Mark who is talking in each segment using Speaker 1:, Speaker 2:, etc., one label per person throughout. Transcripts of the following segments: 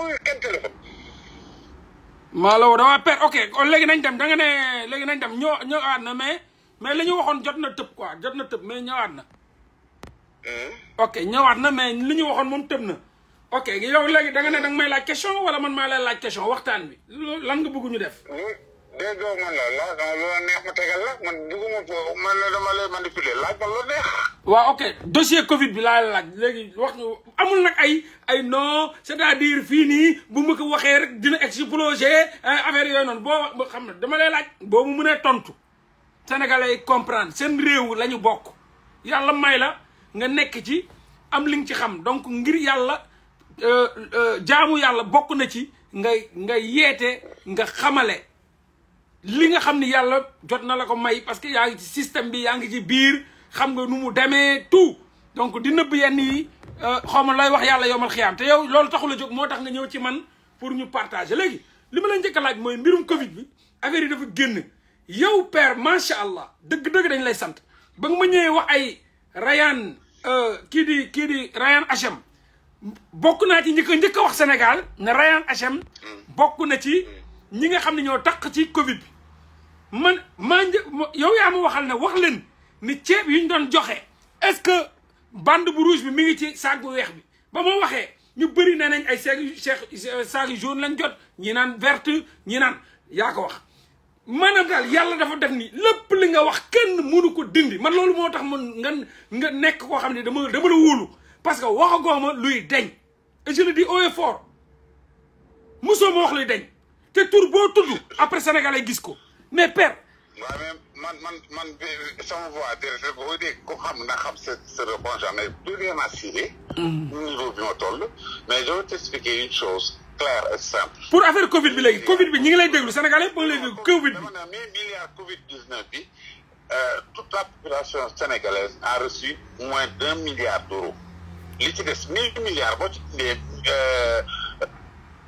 Speaker 1: wooyu kenn téléphone maalaw dama per ok léegi nañ dem da nga ne léegi nañ dem ñoo ñëwaat na mais mais li ñu waxoon jot na tëb quoi jot na tëb mais ñëwaat na ok ñëwaat na mais li ñu waxoon moom tëb na ok yow léegi da nga ne danga may laaj question wala man maa lay laaj question waxtaan bi lan nga bëgg ñu def déggoo man la
Speaker 2: laaj ma loola neex ma tegal la man dugguma foofu man la dama lay manipuler laaj ma loo neex.
Speaker 1: waaw ok dossier Covid bi laa laaj léegi wax amul nag ay ay non c'est-à-dire fii nii bu ma ko waxee rek dina exploser affaire yooyu noonu boo xam ne dama lay laaj. boo mu mënee tontu sénégalais yi comprendre seen réew la ñu bokk yàlla may la nga nekk ci am li nga ci xam donc ngir yàlla euh, euh, jaamu yàlla bokk na ci ngay nga yeete nga xamale. li nga xam ni yàlla jot na la ko may parce que yaa ngi ci système bi yaa ngi ci biir xam nga nu mu demee tout donc di nëbb yenn yi euh, xaw ma looy wax yàlla yomal xiyaam te yow loolu taxul a jóg moo tax nga ñëw ci man pour ñu partager léegi li ma lay njëkk a laaj mooy mbirum Covid bi affaire yi dafa génn yow per macha allah dëgg-dëgg dañ lay sant ba nga ma ñëwee wax ay Rayane euh, kii di kii di Rayane HM bokk naa ci njëkk njëkk a wax Sénégal ne Rayane HM bokk na ci. Mm. ñi nga xam ne ñoo taq ci Covid bi man maa yow yaa ma waxal ne wax leen ni ceeb yi ñu doon joxe est-ce que bande bu ruus bi mi ngi ci saag bu weex bi ba ma waxee ñu bëri ne nañ ay saag saag yu jaune lañ jot ñi naan verte ñi naan yaa ko wax. maanaam daal yàlla dafa def ni lépp li nga wax kenn mënu ko dindi man loolu moo tax man nga nga nekk koo xam ne dama dama la wuulu parce que waxagoo ma luy deñ et je le dis haut et fort mosoo ma wax luy deñ. te tour bon tout après sénégalais gisco ko mais père. waaw mais man man man sama voix déedéet boo dégg ko xam na xam ce
Speaker 2: sa réponse mais plus assuré mm. niveau bi toll. mais je vais t'expliquer une
Speaker 1: chose claire et simple. pour affaire Covid bi légui Covid bi ñi ngi lay déglu sénégalais ba lay Covid bi. dama milliards
Speaker 2: Covid 19 bi euh, toute la population sénégalaise a reçu moins d'un milliard d'euros euros 1000 mille milliards de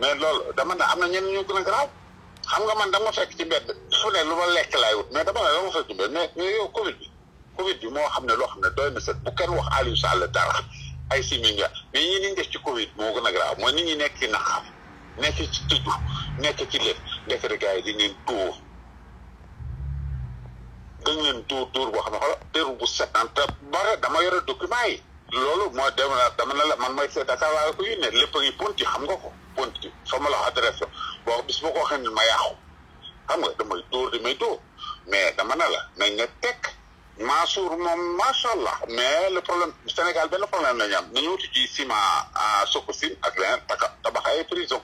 Speaker 2: mais loolu dama ne am na ñenn ñoo gën a garaaw xam nga man dama fekk ci mbedd fu ne lu ma lekk laay wut mais dama ne dama fekk ci mbedd mais mais yow Covid xam ne loo xam ne doy na set bu kenn wax Aliou Sall dara ay similia mais ñi def ci Covid moo gën a mooy nit ñi nekk ci naxam nekk ci tëju nekk ci lépp ndekete gars yi di ngeen tuur dañ boo xam ne xoolal teru bu setan te bare dama yore document loolu moo dem na dama ne la man mooy seet Dakar waaye ko yu ne lépp a ngi yi xam nga ko continuer soo ma la adresse boo bis ko waxee ma yàqu xam nga damay dóor damay dóor mais dama ne la nañ ne tekk Mansour moom macha allah mais le problème Sénégal benn problème la ñu am nañu wuti ci ciment Sococim ak leneen taka tabax ay prison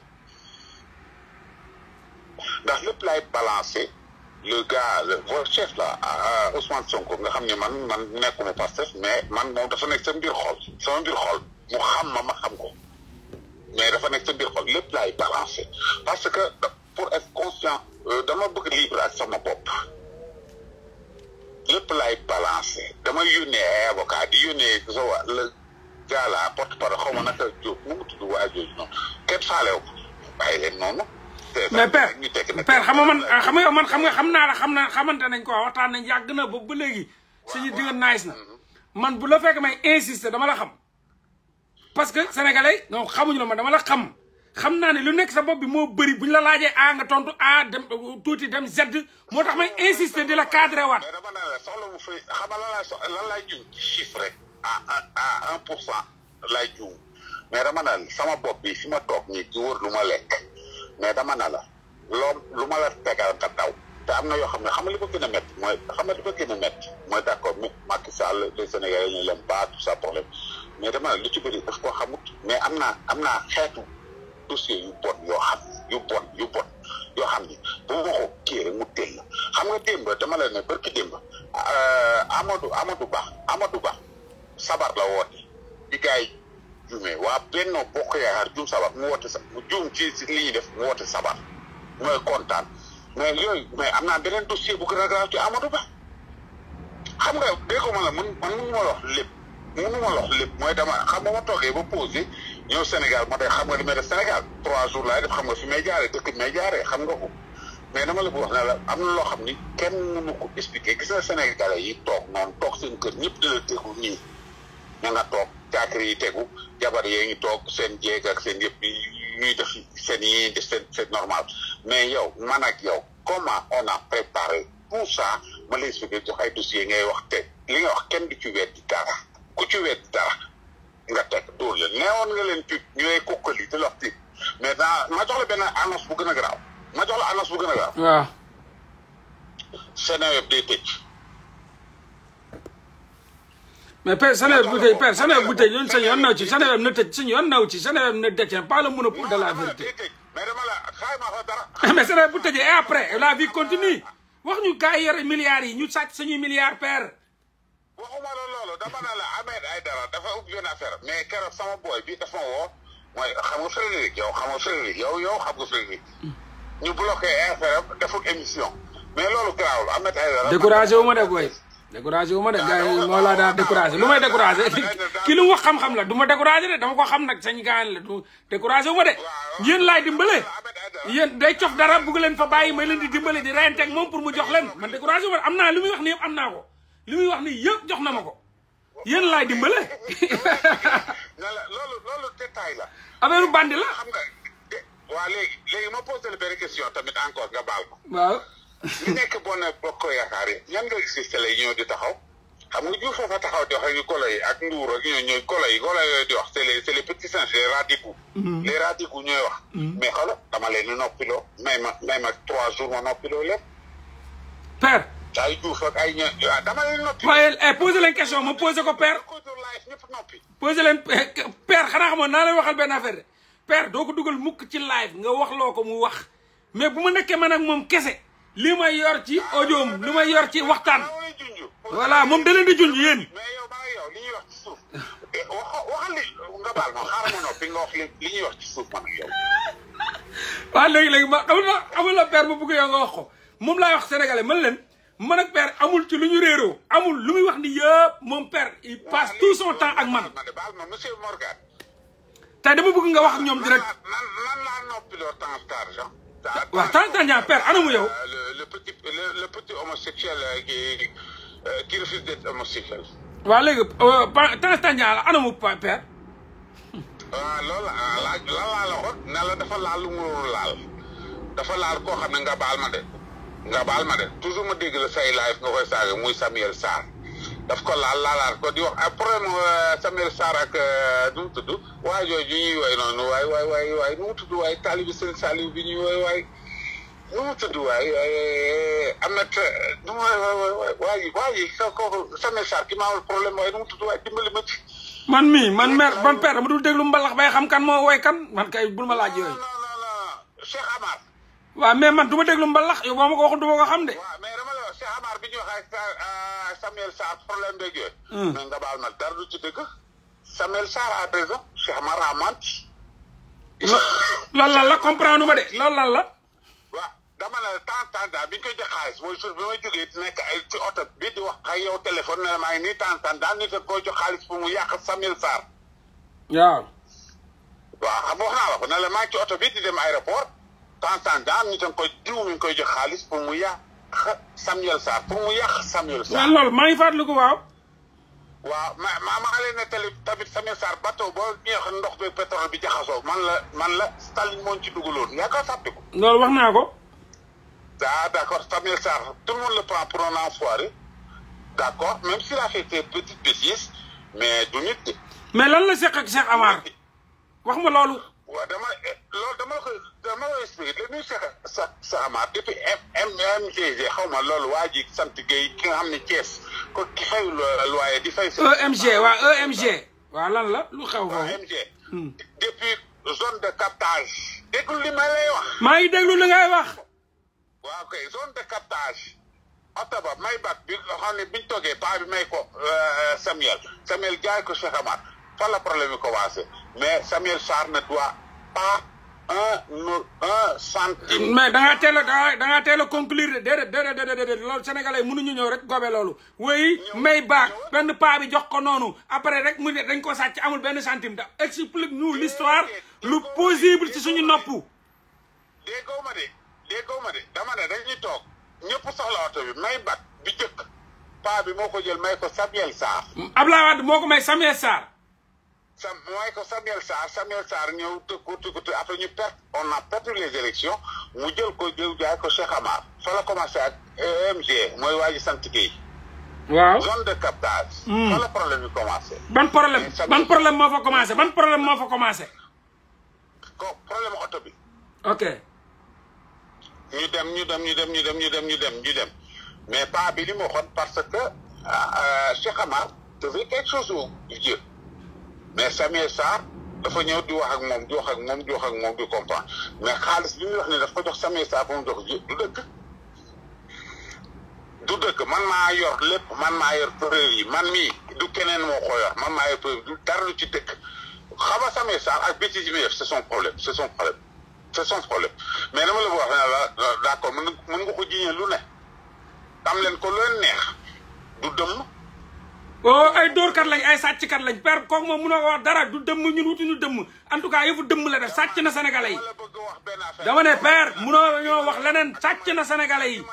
Speaker 2: ndax lépp laay balancé le gars le votre chef là Ousmane Sonko nga xam ne man man nekkuma Pastef mais man moom dafa nekk xol sama mbir xol mu xam ma ma xam ko. mais dafa nekk sa biir xol lépp laay balancer parce que pour être conscient euh, dama bëgg libre ak sama bopp lépp laay balancer dama yónnee ay avocat di yónnee sa waa la gaa la porte parole xaw ma naka Diop mu ngi tudd waa jooju noonu kenn faalew bàyyi leen noonu.
Speaker 1: mais père père xam nga man xam nga man xam nga xam naa la xam na xamante nañ ko waxtaan nañ yàgg na ba ba léegi. waaw suñu diggante nice na mhm. man bu la fekk may insister dama la xam. parce que sénégalais non xamuñu la ma dama la xam xam naa ne lu nekk sa bopp bi moo bëri bu ñu la laajee a nga tontu a dem tuuti dem z moo tax may insister di la cadré waat. mais
Speaker 2: dama ne la fay xam nga lan la laay jiw ci chiffre rek à à un pour cent laay jiw mais dama ne sama bopp bi fi ma toog nii di wër lu ma lekk mais dama ne la lu ma la tegal nga daw. te am na yoo xam ne xam nga li ko gën a métti mooy xam nga li a métti mooy d' accord Macky Sall les Sénégalais ñu lem pas tout ça problème. mais dama lu ci bëri daf koo xamut mais am naa am naa xeetu dossier yu bon yoo xam yu bon yu bon yoo xam ni bu ma ko kii rek mu teel xam nga démb dama la ne barki démb euh, Amadou Amadou Ba Amadou Ba sabar la woote di gars yi juumee waa Benno Bokk Yaakaar juum sabar mu sa mu juum ci li ñuy def mu woote sabar mooy kontaan mais yooyu mais am naa beneen dossier bu gën a grave ci Amadou Ba xam nga dégg nga man man mënu ma wax lépp. mënu ma wax lépp mooy dama xam nga ma toogee ba posé ñëw Sénégal ma tey xam nga li may def Sénégal trois jours laay def xam nga fi may jaaree dëkk may jaaree xam nga ko mais dama la bu wax ne la am na loo xam ni kenn mënu ko gis na yi toog noonu toog seen kër ñëpp di la tegu ña nga toog caakir yi tegu jabar yee ngi toog seen jéeg ak seen yëpp ñuy def seen yi def seen seen normal mais yow man ak yow comment on a préparé tout ça ma lay expliqué jox ay dossier ngay wax te li nga wax kenn du ci dara ci wet dara nga teg dóor leen neewoon nga leen pipe ñu lay kokkali di la wax pipe mais daa ma jox la benn annonce bu a garaaw ma jox la annonce bu gën a garaaw.
Speaker 1: waaw. per Seneweb bu tëj per Seneweb bu tëj yoon ci Seneweb na tëj suñu yoon naw ci Seneweb na détient pas le monopole de la vérité. mais dama la xaay bu tëjee après la vie continue wax ñu gars yi yore milliards yi ñu sàcc suñuy milliards per. waxuma la loolu dama
Speaker 2: ne la Ahmed Aïdara dafa ubbi yoon affaire mais keroog sama booy bi dafa ma woo yow xam nga Frédéric yow yow xam nga Frédéric ñu bloqué affaire loolu garaawul Ahmed Aïdara découragé
Speaker 1: wu ma de booy découragé wu de gars lu may découragé ki lu mu wax xam-xam la du ma découragé de dama ko xam nag sañ gaan la du découragé wu ma de yéen laay dimbale yéen day cof dara bugg leen fa bàyyi may leen di dimbale di reyanteeg moom pour mu jox leen man découragé wu de am naa lu muy wax ni am naa ko li muy wax ni yëpp jox na ma ko yéen laay dimbale.
Speaker 2: loolu loolu détail la.
Speaker 1: affaire bandi la. xam nga waa léegi léegi
Speaker 2: ma posé la benn question
Speaker 1: tamit encore nga baal ko. waaw.
Speaker 2: ñu nekk Benno Bokk Yaakaar yi ñan nga existé lay ñëw di taxaw. xam nga Diouf fa taxaw di wax ak golo ak Ndour ak ñoo yi golo yooyu di wax c'est les c'est les petits singes les radicaux. Mm-hmm. les radicaux ñooy wax. Mm-hmm. mais xala dama leen noppiloo may ma may ma trois jours ma noppiloo lépp. père. ay Diouf ak ay ñoom ah, dama eh,
Speaker 1: leen question ma posé ko père. posé leen eh, père xanaa xamoon naa leen waxal benn affaire de père doo ko dugal mukk ci live nga wax loo ko mu wax mais bu ma nekkee man ak moom kese li ma yor ci audioom li ma yor ci waxtaan. Ah, voilà moom da leen di junj yéen. waaw léegi léegi ma amul la amul la père ma bëgg yow nga wax ko moom laa wax sénégalais man leen. man ak père amul ci luñu amul lu muy wax ni yeb moom père il passe ah, tout son temps ak man
Speaker 2: monsieur Morgan
Speaker 1: dama bëgg nga wax ak ñom direct lan laa noppiloo temps père anamu yow euh, le petit le
Speaker 2: petit homosexuel euh, euh, qui refuse d'être homosexuel
Speaker 1: tan tan ya anamu père ah, lol ah,
Speaker 2: la la la dafa laal lu mu laal dafa laal nga baal ma de nga baal ma de toujours ma dégg say live nga koy saaga muy Samuel Sarr daf ko laal laalaat ko di wax a problème Samuel Sarr ak nu mu tudd noonu waay waay waay waay nu mu tudd waay taalibi saalibi bi ñuy woy waay nu mu waay na te nu mu waay waay waay
Speaker 1: waay kooku Samuel Sarr ki ma amal
Speaker 2: problème waaye nu mu tudd waay dimbali
Speaker 1: man mii man mère man père ma déglu mbalax bay xam kan moo woy kan man kay bul ma laaj yooyu. non non non waaw mais man du ma yow ma ko ko xam de. wax si xabaar bi ñu euh, Samuel Sarr problème beeg yooyu. Hmm. mais
Speaker 2: nga baal ma dara du ci dëgg. Samuel Sarr à présent. Cheikh Amar Amant. loolu lan la comprendre ma de loolu
Speaker 1: lan la. dama
Speaker 2: ne temps tanda bi ñu koy jox xaalis mooy suuf bi may jógee nekk ay ci oto bi di wax ak yow téléphone ne la maa ngi nii temps tanda nit a koy xaalis pour mu yàq Samuel Sarr. waaw. waaw xam nga wax ne la maa ngi ci oto bi aéroport. temps temps daa ñu tan koy diw ñu koy jox xaaliss pour mu yàq Samuel Sarr pour mu yàq
Speaker 1: Samuel Sarr. waaw loolu maa ngi ko waaw.
Speaker 2: waaw ma ma maa leen tele tabit Samuel Sarr bateau bo ñeex ndox bi pétrole bi jaxaso man la man la Staline mo ci dugaloon ya ko fatte ko
Speaker 1: loolu wax naa ko.
Speaker 2: ah d' Samuel Sarr tout le monde le prend pour un enfoiré
Speaker 1: d'accord même s'il a fait des petites bêtises mais du nit. mais lan la seq ak Cheikh Amar wax ma loolu. wa dama. lool dama koy dama koy expliqué
Speaker 2: le ministre sa Saxamaar depuis MMGG xaw ma loolu waa ji sant Gueye ki nga xam ne Thiès ko ki fay loyer di fay. EMG waa EMG.
Speaker 1: waa lan la lu xew waaw EMG. Hmm.
Speaker 2: depuis zone de captage. déglu li ma lay wax.
Speaker 1: maa ngi déglu ngay wax.
Speaker 2: waaw kay zone de captage. oto ba may bat bi nga xam ne biñ toogee paa bi may ko euh, Samuel Samuel jaay ko Saxamaar fa la
Speaker 1: problème yi commencé mais Samuel Sarr ne doit pas. un un centime. mais da ngaa teel a da ngaa teel a conclure déedéet déedéet déedéet loolu sénégalais yi mënuñu ñëw rek gobe loolu. woy may baax benn paa bi jox ko noonu après rek mu ne dañ ko sàcc amul benn centime da explique nous l'histoire lu possible ci suñu nopp. déggoo
Speaker 2: ma de déggoo ma de dama ne dañuy toog ñëpp soxla oto bi may baax bi jëkk paa moo ko jël may ko Samuel Sarr.
Speaker 1: Abdoulaye Wade moo ko may Samuel Sarr.
Speaker 2: Samuel Samuel on perdu les élections commencé e zone de captage. Hmm. Le problème
Speaker 1: problème problème commencer problème commencer problème ok.
Speaker 2: Nous dem nous dem nous dem nous dem nous dem dem mais pas à parce que euh, Cheikh Amar quelque chose au Dieu mais Samir Sarr il faut di wax ak moom di wax ak moom di wax ak comprendre mais xaalis bi muy wax ne daf ko jox Samir Sarr ba jox du dëkk. du dëkk man maa yor man maa yor yi man mii du keneen moo ko yor man yor c'est son problème c'est son problème
Speaker 1: mais dama la wax ne d'accord lu ne ko du oh ay dóorkat lañ ay sàcckat lañ père kooku moom mënoo ko wax dara du dëmm ñun ñu dëmm en tout cas yëfu dëmm la def sàcc na sénégalais yi dama ne père mënoo ñoo wax leneen sàcc na sénégalais yi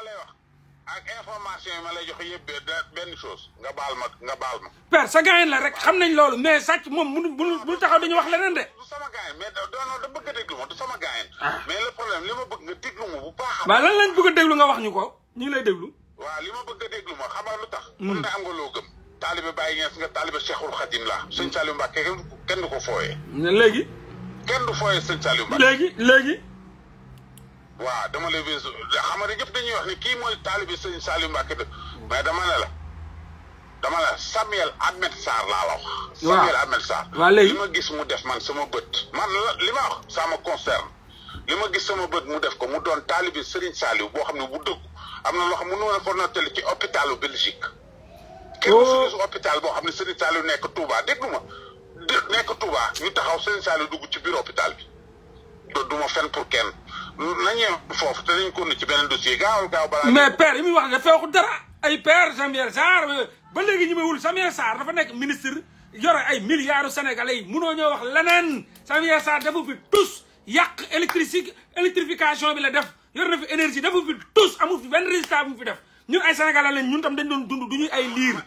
Speaker 1: ak
Speaker 2: information yi ma lay jox yëpp benn chose nga baal ma nga baal
Speaker 1: ma. sa gaañ la rek xam nañ loolu mais sàcc moom mënu mënu taxaw dañu wax leneen de. du sama gaañ mais non non
Speaker 2: da bëgg a ah. mais le problème li ma bëgg nga déglu ma bu
Speaker 1: baax. ma la lañ bëgg nga wax ñu ko ñu ngi lay déglu. waaw li ma bëgg a déglu ma xamal lu tax. Hmm. mun na
Speaker 2: am nga loo gëm. taalibe Baye Niass nga taalibe Cheikhul Khadim la sëñ Saliou Mbacke kenn du ko fooyee. léegi. kenn du fooyee sëñ Saliou Mbacke. léegi léegi. waaw dama lay weesu xam nga ñëpp dañuy wax ni kii mooy taalibe sëñ Saliou Mbacke de mais dama ne la dama ne la Samuel Ahmed Sarr laa la wax. waaw Samuel Ahmed Sarr. waaw léegi li ma gis mu def man sama bët. man li ma wax ça me ma gis sama bët mu def ko mu doon taalibe Serigne Saliou boo xam ne bu dëgg am na loo xam ne mënu ma la ko noter ci hôpitalu Belgique. teew suñu oh. hôpital boo xam ne Serigne Saliou nekk Touba déglu ma nekk Touba ñu taxaw Serigne Saliou dugg ci biir hôpital bi do duma fen pour kenn
Speaker 1: nañu foofu te dañ ko nu ci beneen dossier gaawal gaaw balaa mais père yi muy wax dafa waxu dara ay père Samuel Sarr ba léegi ñu may wul Samuel Sarr dafa nekk ministre yore ay milliards sénégalais mu munoo ñoo wax leneen Samuel Sarr dafa fi tous yàq électrici électrification bi la def yor na fi énergie dafa fi tous amul fi benn résultat mu fi def ñun ay sénégalais lañ ñun tam dañ doon dund du ay liir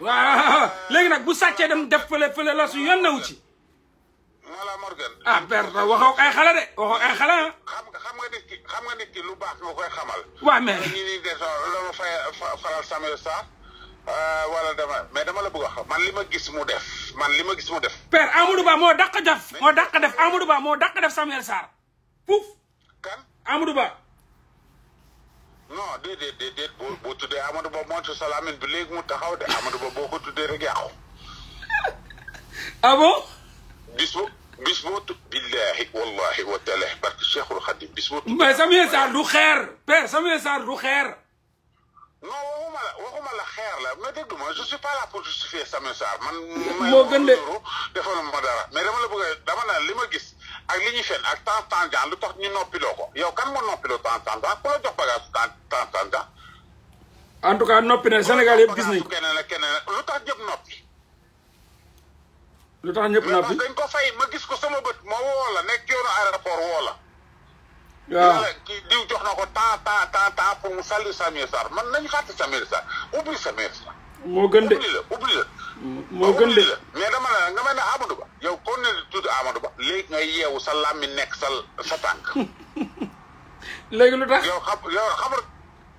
Speaker 1: waaw léegi nag bu sàccee dem def fële fële la su yoon newu ci voilà Morgan ah perte waxoo ay xale de waxoo xam nga ah. xam nga xam nga nit ki lu baax nga koy xamal. waaw mais ni
Speaker 2: des loolu fay faral Samuel Sarr
Speaker 1: euh, wala dama mais dama la bëgg a xam man li ma gis mu def man li ma gis mu def. père Amadou Ba moo dàq def moo daq def Amadou Ba moo dàq def Samuel Sarr pouf. kan Ba.
Speaker 2: non déedéet déedéet boo boo tuddee Amadou Ba moytu sa làmmiñ mu taxaw de Amadou Ba boo ko tuddee rek yàqu. ah bon.
Speaker 1: bis bu bis boo tu billahi wallahi wa taalahi barke Cheikhul Khadim bis boo. mais Samuel Sarr du xeer. du xeer. non waxuma la waxuma la xeer la mais dégg ma je suis pas là pour justifier Samuel Sarr man. moo gën de maa ngi
Speaker 2: defoon ma dara mais dama li ma gis. ak li ñuy fen ak temps tangent lu tax ñu noppiloo ko yow kan moo noppiloo temps tangent ku la jox bagage temps tangent
Speaker 1: en tout cas noppi na sénégal yëpp gis nañ
Speaker 2: keneen ak keneen lu tax ñëpp noppi
Speaker 1: lu tax ñëpp noppi dañ
Speaker 2: ko fay ma gis ko sama bët ma woo la nekk yoonu aéroport woo la waaw diw jox na ko temps temps temps temps pour mu salir Samir Sarr man nañ xàtti Samir Sarr ubbi Samir Sarr moo gën de oublie la
Speaker 1: mm, moo gën de
Speaker 2: mais dama la nga mel ne Amadou Ba yow kon ne di tudd Amadou Ba léegi ngay yeewu sa làmmi nekk sa sa tànk léegi lu yow xam yow xamul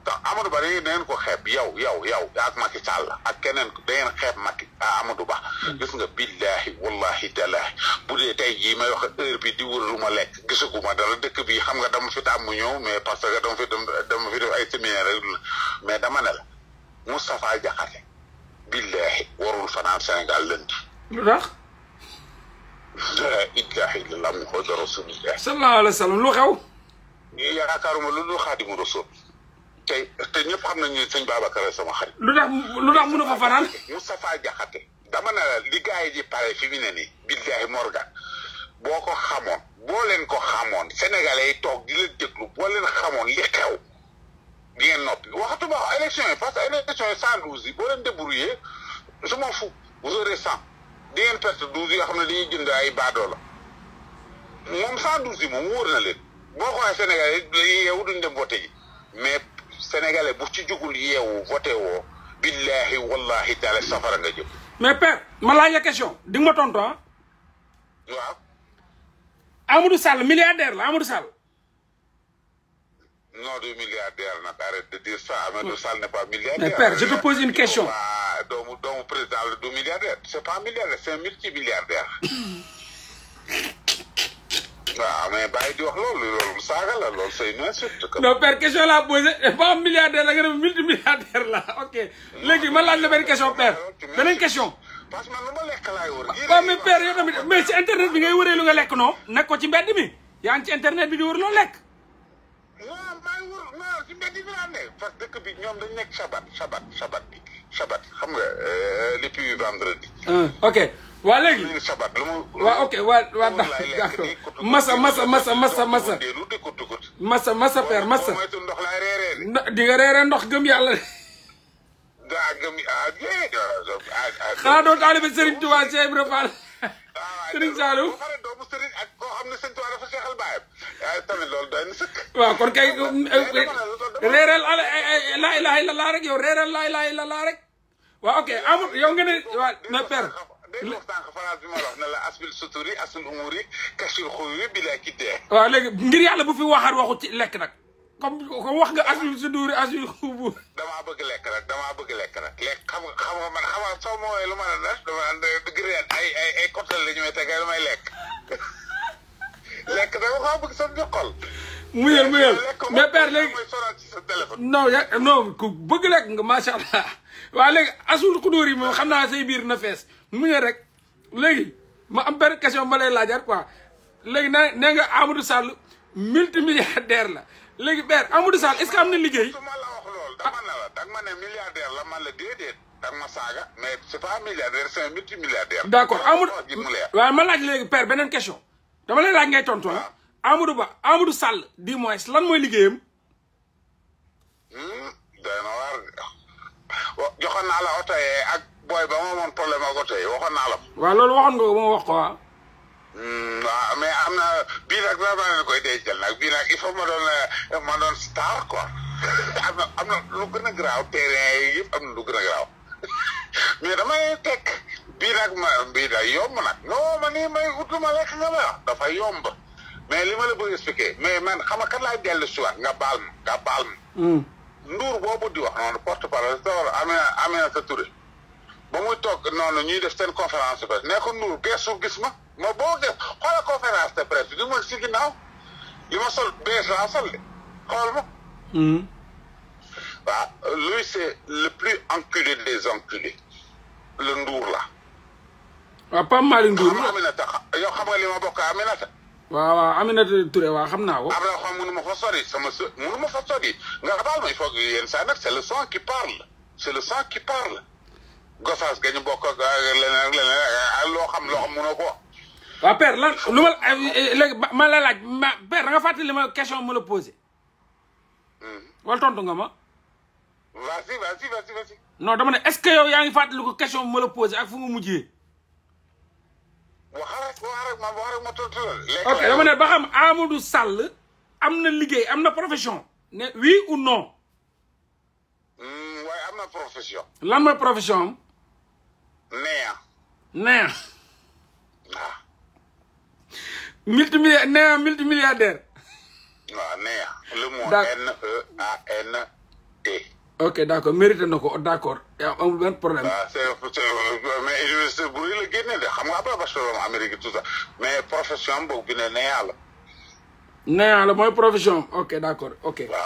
Speaker 2: tax Amadou Ba dañuy dangeen ko xeeb yow yow yow ak Macky Sall ak keneen dangeen xeeb Macky ah, Amadou Ba mm. gis nga billaahi wallahi tallaahi bu dee tey jii may wax heure bi di wër lu ma lekk gisaguma dara dëkk bi xam nga dama fi mu ñëw mais parce que dama fi dama fi ay séminaire mais dama ne la Moustapha Diakhaté billaahi warul fanaan Sénégal lënd. lu tax. laa ilaaha illallaah muhammadu rasuulullaah.
Speaker 1: sallallaahu alayhi wa sallam lu xew.
Speaker 2: ñii yaakaaruma lu dul xaadimu rasuul. tey te ñëpp xam nañu ne sëñ Babacar sama xarit.
Speaker 1: lu tax lu tax mënu fa fanaan.
Speaker 2: Moustapha Diakhaté dama ne la li gars yi di pare fi mu ne nii. billaahi Morgan boo ko xamoon boo leen ko xamoon sénégalais yi toog di la déglu boo leen xamoon li xew di ngeen noppi yi parce que élection yi cent douze yi boo leen débrouillé je m'en fous vous aurez di ngeen perte douze yi nga xam ne dañuy jënd ay baadoo la moom cent douze yi moom wóor na leen boo xoolee sénégalais yi yeewu duñ dem voté yi mais sénégalais bu ci jugul yeewu voté woo billahi wallahi taala safara nga jëm
Speaker 1: mais père ma laaj la question di nga ma tontu ah waaw Amadou Sall la Amadou Sall
Speaker 2: non de milliardaire nag arrête de dire ça question.
Speaker 1: doomu doomu président la du milliardaire c'est pas milliardaire c'est un multimilliardaire.
Speaker 2: waaw ah, mais bàyyi di wax loolu loolu saaga la loolu c'est une insulte.
Speaker 1: non père question la nga def multimilliardaire la ok léegi ma laaj la benn question père beneen question. parce que man lu ma lekk laay wër. waaw yow tamit mais ci internet bi ngay wëree nga lekk non nekk ci mbedd mi yaa ngi ci internet bi di wër loo lekk. nga ni laa ne parce que dëkk bi ñoom dañ nekk sabat sabat sabat bi sabat xam nga depuis vendredi. ok waa léegi. waa ok waa waa d'accord masa masa masa masa masa. masa masa père masa. di nga reeree ndox gëm yàlla de. Ah,
Speaker 2: ah, ah, xanaa
Speaker 1: doo taalibe Serigne Touba Cheikh Ibrahima Fall Serigne Saliou. tamit loolu doy na sëkk. waaw kon kay. réeral laa ilaaha illallaah rek yow réeral laa ilaaha illallaah rek. waaw ok amul yow nga ne waaw na per. dégg nga sànq phrase bi ma wax ne la asbil suturi asul umuri kashil xuwi bi laa kiddee. waaw léegi ngir yàlla bu fi waxaat waxu ci lekk nag. comme comme wax nga asbil suturi asul xubu. damaa bëgg lekk nag damaa bëgg lekk
Speaker 2: nag lekk xam nga xam nga man xam nga soo ma woowee lu ma la def dama dama ay ay ay cocktail la ñu may tegal may lekk. lekk dama xaw bëgg sa joxol
Speaker 1: muyal muyal mais père léegi non ya non ku bëgg lekk nga macha allah waa léegi asul xudóor yi moom xam naa say biir na fees muyal rek léegi ma am benn question ma lay laajar quoi léegi na nee nga Amadou Sall la léegi père Amadou Sall est-ce am na liggéey. su ma la wax la ma ne milliardaire
Speaker 2: la man la déedéet
Speaker 1: danga ma laaj léegi père beneen question. dama lay laaj ngay tontu ah Amadou Ba Amadou Sall di moins lan mooy liggéeyam.
Speaker 2: Hmm, day na waar la oto yee ak booy ba ma problème ak oto yi waxoon naa la.
Speaker 1: waaw nga ko ma wax ko ah.
Speaker 2: hmm, waaw. mais am na bii nag daa maa leen koy dencal nag bii il faut ma doon euh, star quoi am na am na lu gën a garaaw am na lu gën a mais damay tekk. bii nag ma bii day yomb nag non ma nii may utuma lekk nga ma yomb mais li ma la bëgg expliquer mais man xam nga kan laay dellu si waat nga baal ma hmm. nduur boobu di wax noonu porte parole sor amee amee sa Touré ba muy toog noonu ñuy def seen conférence de presse ne ko nduur geesu gis ma ma boo gees xoola conférence de presse li ma si li ma sol bees laa sol de xool ma hmm. waaw lui le plus enculé des enculés le nduur la
Speaker 1: waaw Pape Malick Ndour
Speaker 2: Aminata yow xam nga li ma bokk Aminata
Speaker 1: waaw waaw Aminata Touré waaw xam naa ko am
Speaker 2: na xam mënu ma fa sori sama s mënu ma fa sori nga baal ma il faut que yéen saa nag c'est le sang qui parle c'est le sang qui parle gosaas gañu bokk ak leneen ak leneen loo xam loo xam mënoo ko
Speaker 1: waaw père lan lu ma eh, eh, léegi ma la laaj ma père da nga fàttali ma question ma la posé mm-hmm. wala tontu nga ma
Speaker 2: vas-y vas-y vas-y vas-y
Speaker 1: non dama ne est-ce que yow yaa ngi fàttali ko question ma la posé ak fu nga mujjee
Speaker 2: wax rek ma
Speaker 1: wax am na liggéey am na profession. ne oui ou non.
Speaker 2: Mm, waaye am profession.
Speaker 1: lan mooy profession am. néew. néew. waaw. multimilliard le
Speaker 2: mot N E A N
Speaker 1: T. ok d' accord na ko d' accord
Speaker 2: amul mais université bu rëy la génne mais profession boobu bi ne neyaa la.
Speaker 1: neyaa la mooy profession ok d' accord ok. la quoi.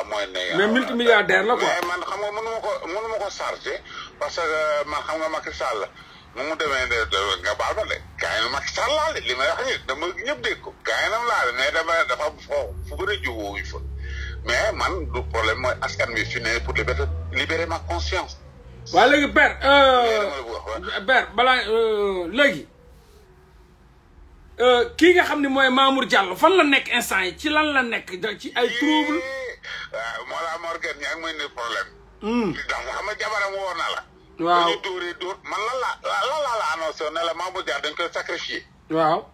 Speaker 1: mais man xam nga mënu
Speaker 2: ma ko parce que man xam nga Macky Sall nu mu demee de nga baal ma de gaañ la Macky Sall laale li may wax nii dama ñëpp dégg ko gaañam laale mais dama a fa. mais man du problème mooy askan wi fi ne pour libérer libérer ma conscience. waa léegi
Speaker 1: Père. Euh, Père balaa euh, léegi. Euh, kii nga xam ne mooy Mamour Diallo fan la nekk instant yi ci lan la nekk ci ay trouble. waaw Mollah Morgun yaa ngi problème. li tax xam nga la. waaw
Speaker 2: dañuy man la lan la la annoncé ne la Mamour Diallo dañ koy sacrifié. waaw.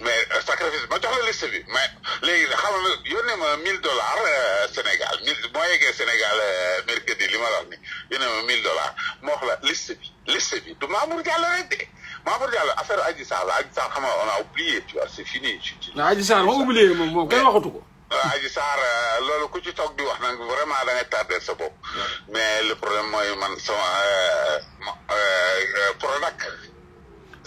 Speaker 2: mais sacrifice ma jox la liste bi mais léegi xam nga yónnee ma mille dollars Sénégal mille moo yeggee Sénégal mercredi li ma la wax ni yónnee ma mille dollars moo wax la liste bi liste bi du Mamour Diallo rek de Mamour Diallo affaire Adji Sarr la Adji Sarr xam nga on a oublié tu vois c'est fini.
Speaker 1: Adji Sarr ma oublié moom moom kenn waxatu ko.
Speaker 2: Adji Sarr loolu ku ci toog di wax nag vraiment da ngay tardé sa bopp mais le problème mooy man
Speaker 1: sama Prodac.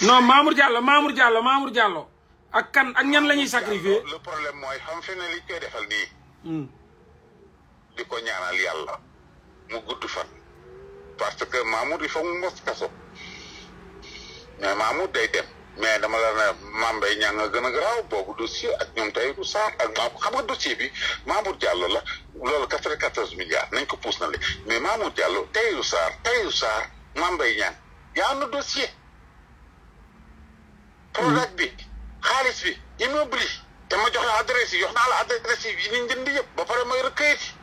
Speaker 1: non Mamour Diallo Mamour Diallo Mamour Diallo. ak kan a ñan lañuy ñuy sacrifier le
Speaker 2: problème mooy xam fi li koy defal nii hmm. di ko ñaanal yàlla mu gudd fan parce que Mamour il faut mu mos kaso mais dey day dem mais dama la na Mame Mbaye Niang a gën a garaaw boobu dossier ak ñoom tey du saar ak Mamour xam nga dossier bi Mamour Diallo la loolu quatre-vingt-quatorze milliards nañ ko puus na le mais Mamour Diallo tey du saar tey du saar Mame Mbaye Niang yaa na dossier product bi xaalis bi immeuble yi te ma jox la adresse yi jox naa la adresse yi ni njënd yëpp ba pare ma yor këyit yi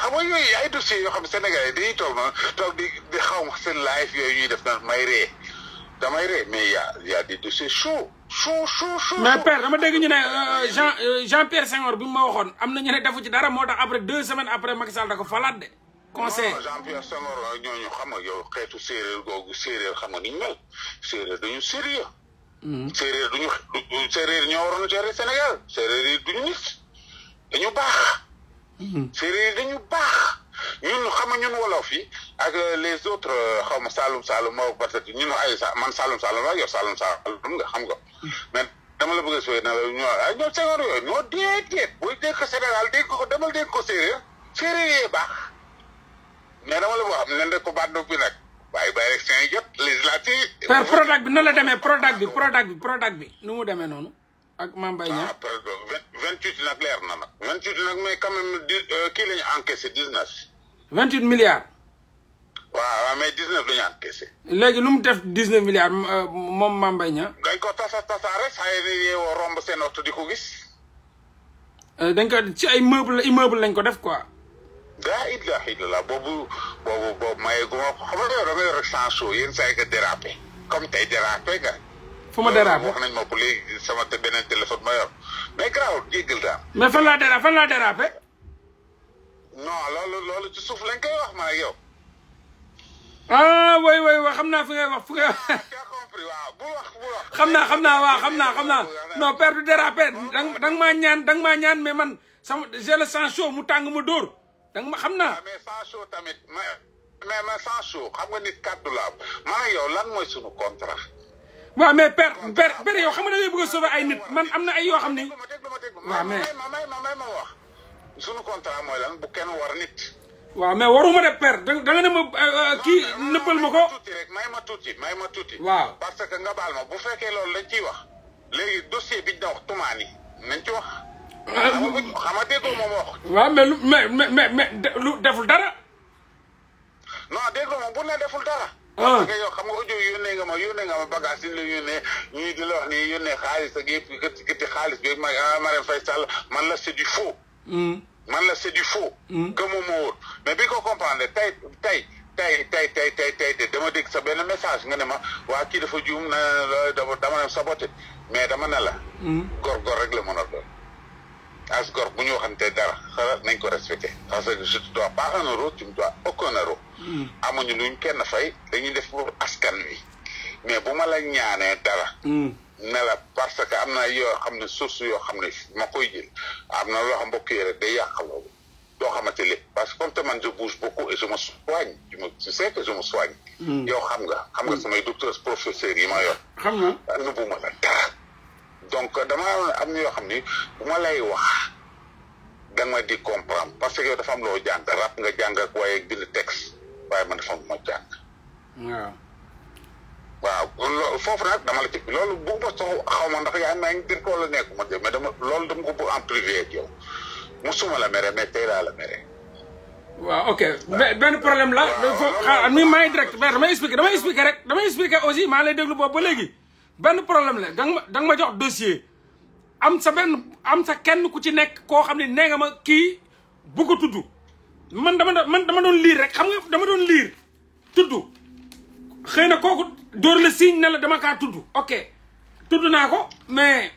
Speaker 2: xam nga yooyu ay dossiers yoo xam ne Sénégal yi dañuy toog noonu toog di xaw ma seen live yooyu ñuy def naan may ree damay ree mais y a y a des dossiers chauds
Speaker 1: chauds chauds chauds mais père ñu ne euh, Jean euh, Jean Pierre Senghor bi mu ma waxoon am na ñu ne defu ci dara moo tax après deux semaines après Macky Sall da ko falaat
Speaker 2: conseil non Jean-Pierre Senghor ñooñu xam nga yow xeetu séeréer googu séeréer xam nga ni ñu mel dañu sérieux. Hmm. séeréer duñu du ñoo waroon a gérer Sénégal yi duñu nit dañu baax. Hmm. séeréer yi dañu baax. ñun xam nga ñun wolof yi ak les autres euh, xaw ma Saalum Saalum moo parce que ñun ay man Saalum Saalum la yow Saalum Saalum nga xam nga. Hmm. mais dama la bëgg a suy na la ñu ah ñoom Senghor yooyu ñoo déet déet booy dégg ko Sénégal dégg ko demal dégg ko séeréer séeréer yee baax.
Speaker 1: mais dama la boo xam ne ne ko baat bi nag bàyyi bàyyi rek seen jot législative par Prodac bi na la demee Prodac bi Prodac bi Prodac bi nu mu demee noonu ak Mame Mbaye Niang ah,
Speaker 2: vingt huit nag leer na nag vingt huit nag mais quand même di euh, kii la ñu encaissé
Speaker 1: vingt huit milliards
Speaker 2: waaw waaw mais dix neuf la
Speaker 1: léegi lu mu def dix neuf milliards euh, moom Mame Mbaye Niang dañ ko tasa tasaare rek saa yéene yeewoo romb seen oto di ko gis euh, dañ ko ci ay meuble immeuble lañ ko def quoi gaid gaid
Speaker 2: la bobu bobu boobu may ko xam nga dama yor chance yeen say ka nga dérapé comme tay dérapé ga
Speaker 1: fuma ma dérapé wax
Speaker 2: nañ ma ko léegi sama te benen téléphone ma yor mais
Speaker 1: graw jéggal da mais fa la dérapé fa la dérapé. non lolu lolu ci souf lañ koy wax ma yow. ah way way way xamna fi ngay wax fi ngay. xamna xamna wa xamna xamna non père du dérapé dang ma ñaan dang ma ñaan mais man sama j'ai le sang chaud mu tang mu dor danga ma xam naa. Ah, mais
Speaker 2: Sancho tamit ma
Speaker 1: mais mais Sancho xam nga nit kàddu la am maa yow lan mooy suñu contrat. waaw mais père père père yow xam nga da ngay bëgg a sauver ay nit man am na ay yoo xam ni. waaw mais ma may ma may ma wax. suñu contrat mooy lan bu kenn war nit. waaw mais waruma de père da nga ne ma euh, euh, kii nëbbal ma ko. may ma tuuti may ma tuuti. waaw parce que nga baal ma bu fekkee loolu dañ ciy wax.
Speaker 2: léegi dossier bi ñu doon wax tumaani nañ ci wax.
Speaker 1: xam
Speaker 2: nga déggoo moom wax.
Speaker 1: waaw mais lu mais mais mais lu deful dara.
Speaker 2: non déggoo moom bu ne deful dara. Ah. xam nga audio yónnee nga ma yónnee nga ma bagage ñu la yónnee ñuy di la wax xaalis ak yëpp ma ah, Marème Faye man la c'est du man la c'est du faux. que hmm. moom hmm. mais bi ko comprendre tey tey. tey tey tey tey tey de dama dégg sa benn message nga ne ma waa kii dafa juum na dama saboté mais dama ne la. Hmm. gor gor rek la mën a doon. as gor bu ñu waxante dara xalaat nañ ko respecté parce que je te dois pas un euro tu me dois aucun euro. amuñu luñ kenn fay dañuy def pour askan wi mais bu ma la ñaanee dara. ne la parce que am na yoo xam ne source yoo xam ne ma koy jël am na loo xam mbokk yi rek day yàq loolu doo xamante lépp parce que comme te man je bouge beaucoup et je me soigne je me tu sais que je me soigne. yow xam nga xam nga samay docteurs professeurs yi ma yor. xam nga nëbbu ma la dara donc dama am na yoo xam ni bu ma lay wax. da nga ma di comprendre parce que dafa am lo jang rap nga jang ak waye bind texte waye man dafa am ma jàng waaw waaw fofu nag dama la ci loolu bu ko taxaw xawma ndax yaay maa ngi biir tool la nekk ma mais dama loolu dama ko bëgg en privé ak yow musuma la mère mais tey la la mère
Speaker 1: waaw ok ben problème la xaar ah, mi direct ben damay expliquer damay expliquer rek damay expliquer aussi maa lay déglu boobu ba léegi ben problème la danga ma ma jox dossier am sa benn am sa kenn ku ci nekk koo xam ne nee nga ma kii bu ko tudd man dama man dama doon liir rek xam nga dama doon liir tudd xëy na kooku dóor la signe ne la dama ka tudd ok tudd naa ko mais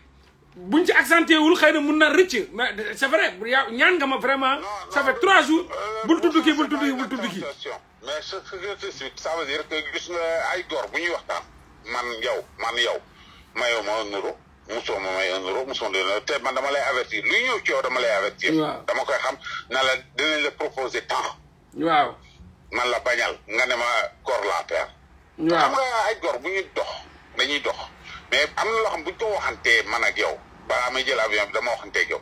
Speaker 1: buñ ci accentué wul xëy na mun na rëcc mais c'est vrai yaa ñaan nga ma vraiment ça fait trois jours euh, bul tudd kii bul tudd kii bul tudd kii
Speaker 2: mais ce que ça veut dire que gis ay góor bu ñuy waxtaan man yow man yow mayoo ma nuru musoo ma may un euro musoo ma te man dama lay avertir lu ñëw ci yow dama lay avertir. dama koy xam na la dinañ la proposer temps. waaw man la bañal nga ne ma gor laa paire. waaw xam nga ay gor bu ñu dox dañuy dox mais am na loo xam bu ñu ko waxantee man ak yow balaa may jël avion bi dama waxanteeg yow.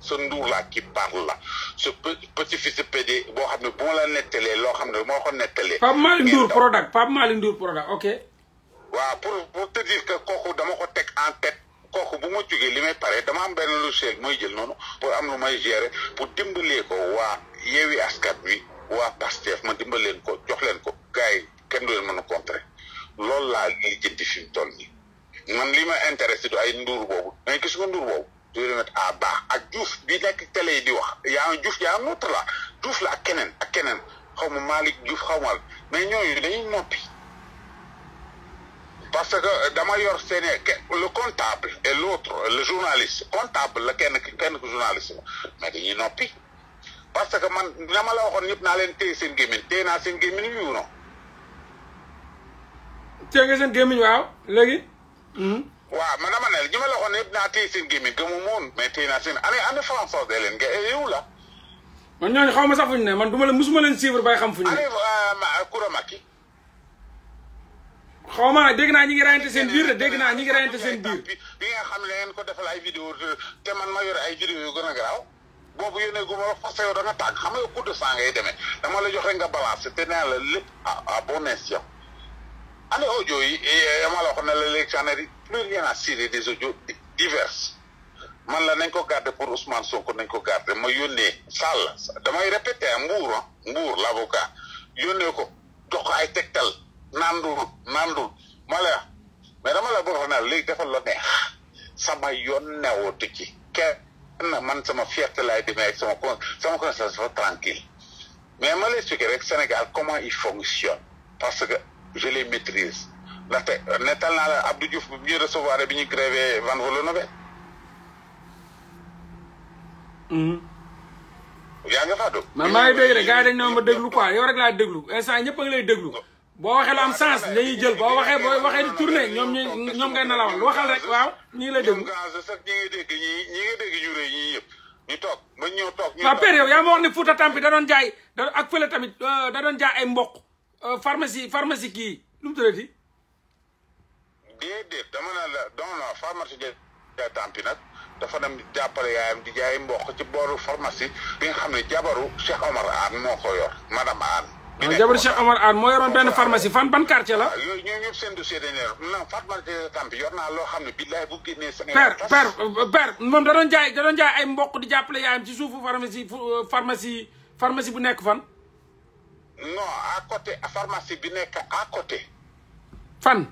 Speaker 2: ce Ndour là ki parle la ce petit-fils PD boo xam ne bu ma la nettalee loo xam ne moo ko nettalee.
Speaker 1: Pape Malick Ndour Prodac Pape Malick Ndour Prodac ok. waaw pour pour te dire que
Speaker 2: kooku dama ko teg en tête kooku bu ma jógee li may pare dama am benn logiciel mooy jël noonu pour am lu may gérer pour dimbalee ko waa Yewwi Askan Wi waa Pastef ma dimbaleen ko jox leen ko gars yi kenn du leen mën a contrer loolu laa liy jënd fi mu toll nii man li ma intéressé du ay nduur boobu mais gis nga boobu. du remettre à baax ak Diouf bi nekk télé yi di wax yaa un Diouf yaa un autre la Diouf la ak keneen ak keneen xaw ma Malick Diouf xaw ma mais ñooñu dañuy noppi parce que dama yor seeni le comptable et l'autre le journaliste comptable la kenn kenn ku journaliste la mais dañuy noppi parce que man dama la waxoon ñëpp naa leen te seen gémmiñ téye naa seen gémmiñ yu non
Speaker 1: téye nga seen gémmiñ waaw léegi hmm?
Speaker 2: waaw man a ma la waxoon yëpp naa téye seen gémmiñ gëmu moon mais téye naa seen leen nga la.
Speaker 1: man ñooñu xaw ma sax fu ñu ne man du ma la musuma leen suivre fu ñu ne. année Kouramaki. Euh, euh, xaw dégg naa ñi ngi rayante dégg naa ñi ngi rayante seen biir.
Speaker 2: bi nga xam ne ko defal ay vidéo te man ma yore ay vidéo yu gën a garaaw boobu yónnee gu ma wax parce que yow da nga tàgg xam nga coup de sang ngay demee dama la jox rek nga balance te nee la lépp à bon Allez, audio, et moi, on a l'électionnaire, plus rien à cirer des audios diverses. man la nañ ko garder pour Ousmane Sonko nañ ko garder ma yónnee Sall damay répété Mbour ah Mbour l' avocat ko jox ko ay tegtal naandul naandul ma la mais dama la bëggoon a léegi defal la neex sama yoon newootu ci kenn man sama fierté laay demee ak sama con sama tranquille mais ma lay rek Sénégal comment il fonctionne parce que. je les maîtrise ndaxte netal na la Abdou Diouf bu ñu recevoir bi ñu grévé
Speaker 1: Van Vollenhoven hmm. yaa nga faa dóg man maa ngi dégg rek gars yi dañ ne ma déglu quoi yow rek laa déglu instant ñëpp a ngi lay déglu boo waxee lu am sens dañuy jël boo waxee boo waxee di tourner ñoom ñu ñoom ngay nalawal waxal rek waaw ñi ngi lay déglu gaz sax ñi ngi dégg ñi ñi ngi dégg
Speaker 2: ñu yëpp ñu toog ba ñëw toog
Speaker 1: père yow yaa ma wax ni Fouta Tampi da doon jaay ak fële tamit euh, da doon jaay ay mboq Euh, pharmacie pharmacie ki lu mu tëddati.
Speaker 2: déedéet dama na la dama ne la pharmacie de Tampi nag dafa dem di jàppale di jaay mbokk ci boru pharmacie bi nga xam jabaru Cheikh Omar Anne moo ko yor madame
Speaker 1: Anne. Ah, non jabaru Cheikh Omar Anne mo yoron ben pharmacie fan ban quartier la. yooyu ñoo ñëpp seen dossier dañuy yor non pharmacie
Speaker 2: Tampi yor na lo xam billahi bu génnee. Sénégal tas père père
Speaker 1: euh, père moom da doon jaay da doon jaay ay mbokk di jàppale yaayam ci soufu pharmacie euh, pharmacie pharmacie bu nekk fan.
Speaker 2: non à côté pharmacie bi nekk à côté. fan.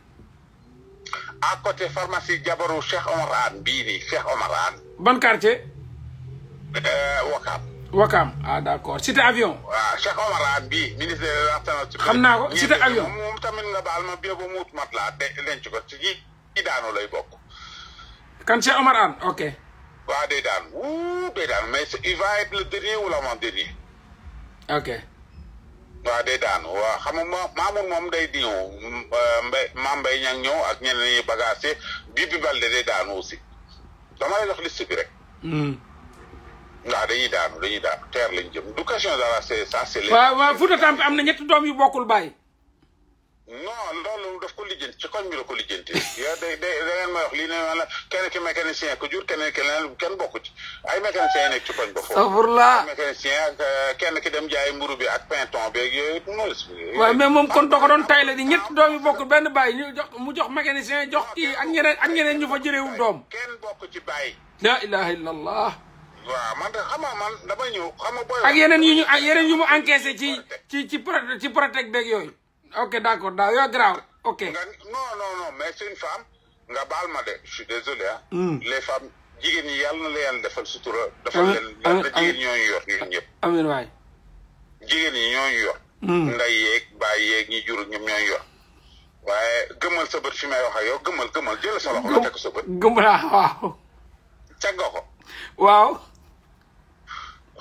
Speaker 2: à côté pharmacie jabaru Cheikh
Speaker 1: Omar Anne bii nii Cheikh Omar Anne. ban quartier. Euh, Wakaam. Wakaam ah d' cité avion. waaw Omar Anne bii ministre de l'Intérieur. xam naa ko cité avion
Speaker 2: moom tamit nga baal ma bee ba mu wut mat laa denc ko ci ci daanu lay bokk.
Speaker 1: kan Cheikh Omar Anne ok.
Speaker 2: waaw day daan wuu day daan mais il le dernier ou l'avant-dernier. ok. waaw day daanu waaw xam nga Mamour moom day diw mbay maam mbay ña ñëw ak ñeneen ñi bagage bi bi balde day daanu aussi dama lay jox liste bi rek. Hmm. waaw dañuy daanu dañuy daanu teer lañ jëm du question dara c'est ça c'est. waaw
Speaker 1: waaw Fouta Tampi am na ñetti doom yu bokkul bàyyi.
Speaker 2: non loolu daf ko lijjanti ci koñ bi ko lijjanti yow day day da ngeen may wax lii ne ma la kenn ki mécanicien ko jur kenn ki leneen kenn bokku ci ay mécanicien yi nekk ci koñ ba foofu. Euh, kenn ki dem jaay mburu bi ak pinton beeg yooyu noonu moom kon da ko doon
Speaker 1: tay la di ñett doom bokk benn baay ñu jox mu jox mécanicien jox kii ak ñeneen ak ñeneen ñu fa jëreewul doom. kenn bokk ci baay. la ilaha illallah.
Speaker 2: waaw man de xam nga man damay ñëw xam
Speaker 1: nga booy. ak yeneen yu ñu ak yeneen yu mu encaissé ci ci ci protect beeg yooyu. ok d'accord daaw yow grave ok.
Speaker 2: non non non mais c'est une femme nga baal
Speaker 1: ma de je suis désolé
Speaker 2: ah. les femmes jigéen ñi yàlla na la yàlla defal sutura. defal leen yàlla jigéen ñooñu yor ñun ñëpp. amiin waay. jigéen ñi ñooñu yor. Hmm. yeeg bàyyi yeeg ñi jur ñoom ñooñu yor. waaye gëmal sa bët fi may wax ak yow gëmal gëmal jël sa loxo sa bët.
Speaker 1: gëmal waaw.
Speaker 2: teg nga ko. waaw.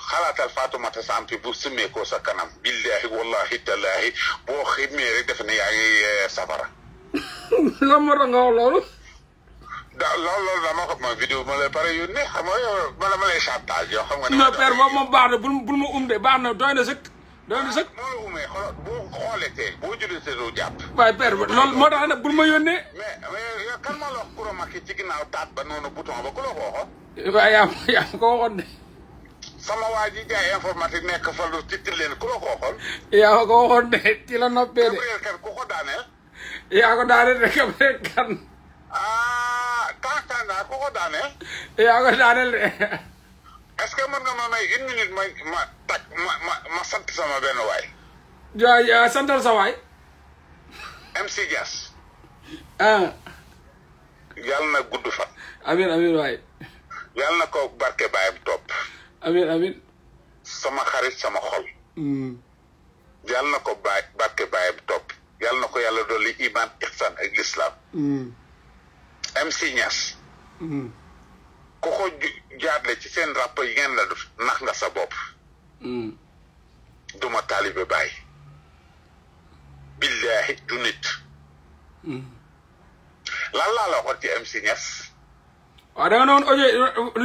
Speaker 2: خلات الفاتو ما تسعم في بوس ميكو سكنم بالله والله تالله بو خدمة ردفني يعني سفرة
Speaker 1: لا مرة لا لا لا لا لا ما خد ما فيديو ما لباري يوني ما ما لا ما لا شاطع جو ما بير ما ما بعد بل بل ما أمد بعد دوين زك دوين زك ما أمد خل بو خالته بو جلس رجاب ما بير لا ما ده أنا بل ما يوني ما ما يا
Speaker 2: كم الله كرو ما كتير ناوتات بنو نبوتو ما بقوله
Speaker 1: هو يا يا يا كوني sama waa jaay
Speaker 2: informatique nekk fa lu ci ku la ko waxoon.
Speaker 1: yaa ko ko daaneel. yaa ko ah, ku ko daaneel. yaa ko daaneel de.
Speaker 2: est-ce que mën nga ma may une minute ma ma ma
Speaker 1: ma sama benn waay. jaay santal sa waay.
Speaker 2: MC Dias. ah. yàlla gudd fan. amiin amiin waay. yàlla ko barke baayam topp. amiin amiin sama xarit sama xol hmm. yàlla na ko baay barke baay bu topp yàlla na ko yàlla dolli iman ixsan ak lislaam MC hmm. Niass hmm. ku ko jaarle ci seen ràpp yi ngeen la def nax nga sa bopp duma taalibe baay billaahi
Speaker 1: du nit lan laa la waxoon ci MC waa da nga noonu audio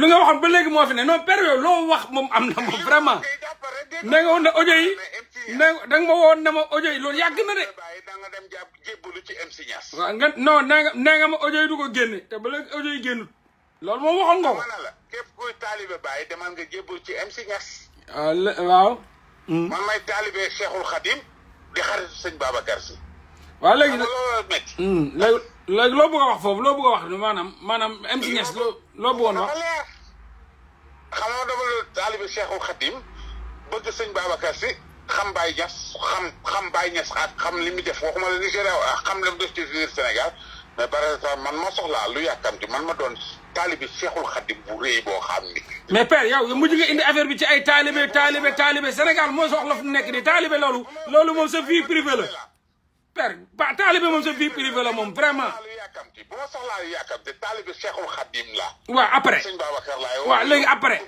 Speaker 1: li nga waxoon ba léegi moo fi ne non loo wax moom am na moom vraiment ne nga woon ne audio ne da nga ma woon ne ma audio yi loolu yàgg na de. waaw nga non nee nga nee nga ko génne te ba léegi audio yi loolu moom waxoon nga ko.
Speaker 2: képp kuy taalibe Baay demal nga jébbal
Speaker 1: ci MC Niass. Ah, waaw. Hmm. man may taalibe Cheikhul Khadim di xarit sëñ Babacar Si. waaw léegi nag loolu léegi loo bëgg a wax foofu loo bëgg a wax maanaam maanaam MC Niass loo loo bëggoon wax. xam nga dama la taalibe Cheikhul Khadim
Speaker 2: bëgg sëñ Babacar si xam Baye Niass xam xam Baye Niass ak xam li mu def waxuma la Nigéria ak xam li mu def ci biir Sénégal mais par exemple man ma soxlaa lu yàkkamti man ma doon taalibe Cheikhul Khadim bu rëy boo xam ni.
Speaker 1: mais père yow yow mujj nga indi affaire bi ci ay taalibe taalibe taalibe Sénégal moo soxla fu mu nekk nii taalibe loolu loolu moom sa vie privée la. père ba taalibe moom sa vie privée la moom vraiment. bu ma yàkkamti taalibe Cheikhul Khadim la. waaw après sëñ Babacar laay waaw léegi après.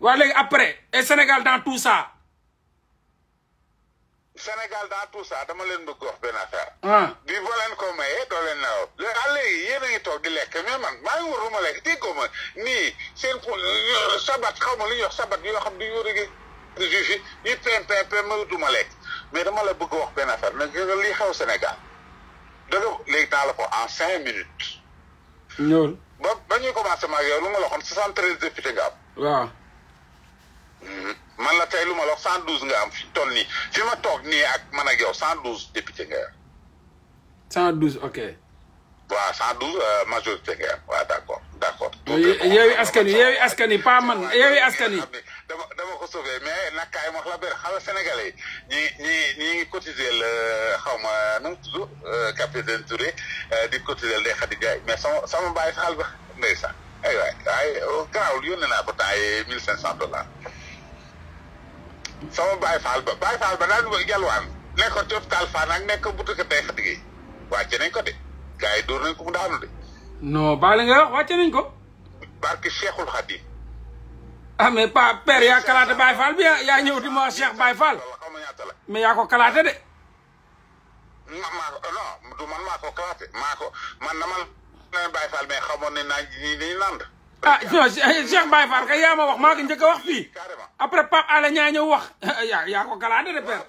Speaker 1: waaw léegi après et Sénégal dans tout
Speaker 2: Sénégal dans tout dama leen bëgg wax benn affaire. bi ah. boo leen ko mayee doo leen naaw. léegi àll yi ngi toog di lekk mais man maa ngi wër lu ma lekk déggoo ma nii seen pour sabat xaw ma lu ñuy sabat yoo xam ne du ñu war ma lekk. mais dama la bëgg wax benn affaire mais nga lii xew Sénégal dëgg léegi naa la ko en cinq minutes. ñëwul. ba ba ñuy commencé maag yow lu ma la waxoon soixante treize député nga am. waaw. man la tey lu ma la wax cent douze nga am fi toll nii fi ma toog nii ak man ak yow cent douze nga am.
Speaker 1: cent douze ok.
Speaker 2: waaw cent douze majorité nga am waaw d' accord d'
Speaker 1: accord. yeewi askan wi yeewi askan wi pas man yeewi askan wi. dama dama ko sauvé mais nag kaay wax la benn xam sénégalais
Speaker 2: ñi ñi ñi ngi cotiser xaw ma nu mu euh, capitaine Touré euh, di cotiser day Khady mais sama sama bàyyi xaal ba ndeysaan aywa waaye garaawul yónnee naa ko temps yii dollars sama Baye Fall ba Baye Fall ba daal di ko yalwaan nekkoon ci hôpital Fann ak nekk butik
Speaker 1: day Khady Ndiaye wàcce nañ ko de gars yi nañ ko mu daanu de. non baale nga wax nañ ko. barke Cheikhul Khadim. ah mais pa père yaa kalaate Baye Fall bi yaa ñëw di ma Cheikh Baye Fall ah, mais yaa ko kalaate de.
Speaker 2: non ko non du man maa ko kalaate maa ko man dama ne Baye Fall mais xamoon ne naa ñii dañuy nand.
Speaker 1: ah non Cheikh Baye Fall yaa ma wax maa ko njëkk a wax fii après Pape Alé ñaa ñëw wax yaa yaa ko kalaate de père.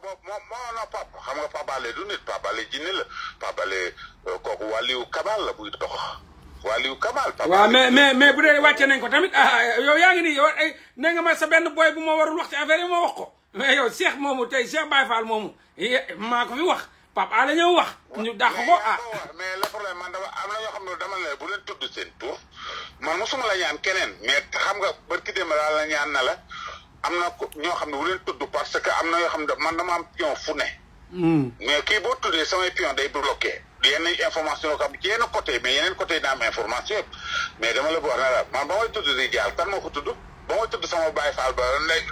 Speaker 1: boobu moom
Speaker 2: moo na pap xam nga Pape Alé du nit Pape Alé jinne la Pape Alé euh, kooku wàlliwu kabal la buy dox Waliyu Kamal.
Speaker 1: waaw mais mais mais bu dee wàcce nañ ko tamit ah, yow yaa ngi nii yow ne nga ma sa benn boy bu ma warul wax ci affaire yi ma wax ko mais yow Cheikh moomu tey Cheikh Baye Fall moomu maa ko fi wax Pape Alé ñëw wax. ñu ah. mais le problème man dama am na
Speaker 2: ñoo xam ne dama ne bu leen tudd seen tur man mosuma la ñaan keneen mais xam nga barki dem daal la ñaan na la am na ko ñoo xam ne bu leen tudd parce que am na ñoo xam ne man dama am pion fu ne. Hmm. mais kii boo tuddee samay pion day bloqué. yenn information yoo xam ci yenn côté mais yeneen côté yi na am information yëpp mais dama la ko wax man ba may tudd di jaal kan ko tudd ba may tudd sama Baye Fall ba ndey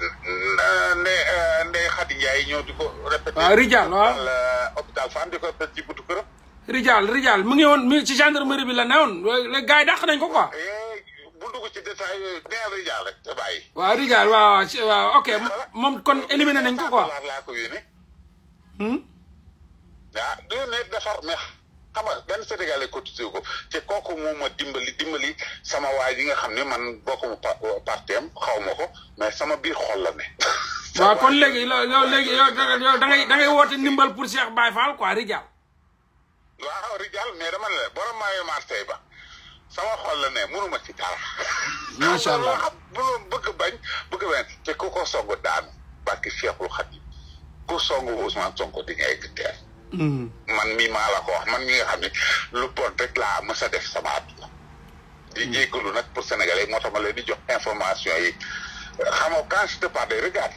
Speaker 2: ndey euh, ndey Xadi Njaay di ko répété
Speaker 1: ah, waaw Rijal waaw
Speaker 2: hôpital Fann di ko répété ci
Speaker 1: buntu këram Rijal mu ngi ci gendarmerie bi la newoon les gars nañ ko quoi eh, bu ci détail yooyu neel rek te bàyyi waaw Rijal waaw ok moom kon éliminé nañ ko quoi laa hmm?
Speaker 2: ah, ko du ne defar xam ben sénégalé cotisé ko té koku moma dimbali dimbali sama waa ji nga xamné man bokkuma partem xawmako mais sama bir xol la
Speaker 1: né wa kon légui yow légui yow da ngay da ngay woote ndimbal pour Cheikh Baye Fall quoi Rijal
Speaker 2: wa Rijal mais dama ne borom maayo Marseille ba sama xol la ne mënuma ci dara sha allah bu bëgg bañ bëgg bañ té koku ko daan daanu barki Cheikhul Khadim ko song Ousmane Sonko di ngay gëtte Mm-hmm. man mii maa ko wax man mi nga xam ne lu bon rek laa mës def sama àdduna di mm-hmm. jéggalu nag pour sénégalais moo tax ma jox information yi xam nga quand je te parle regarde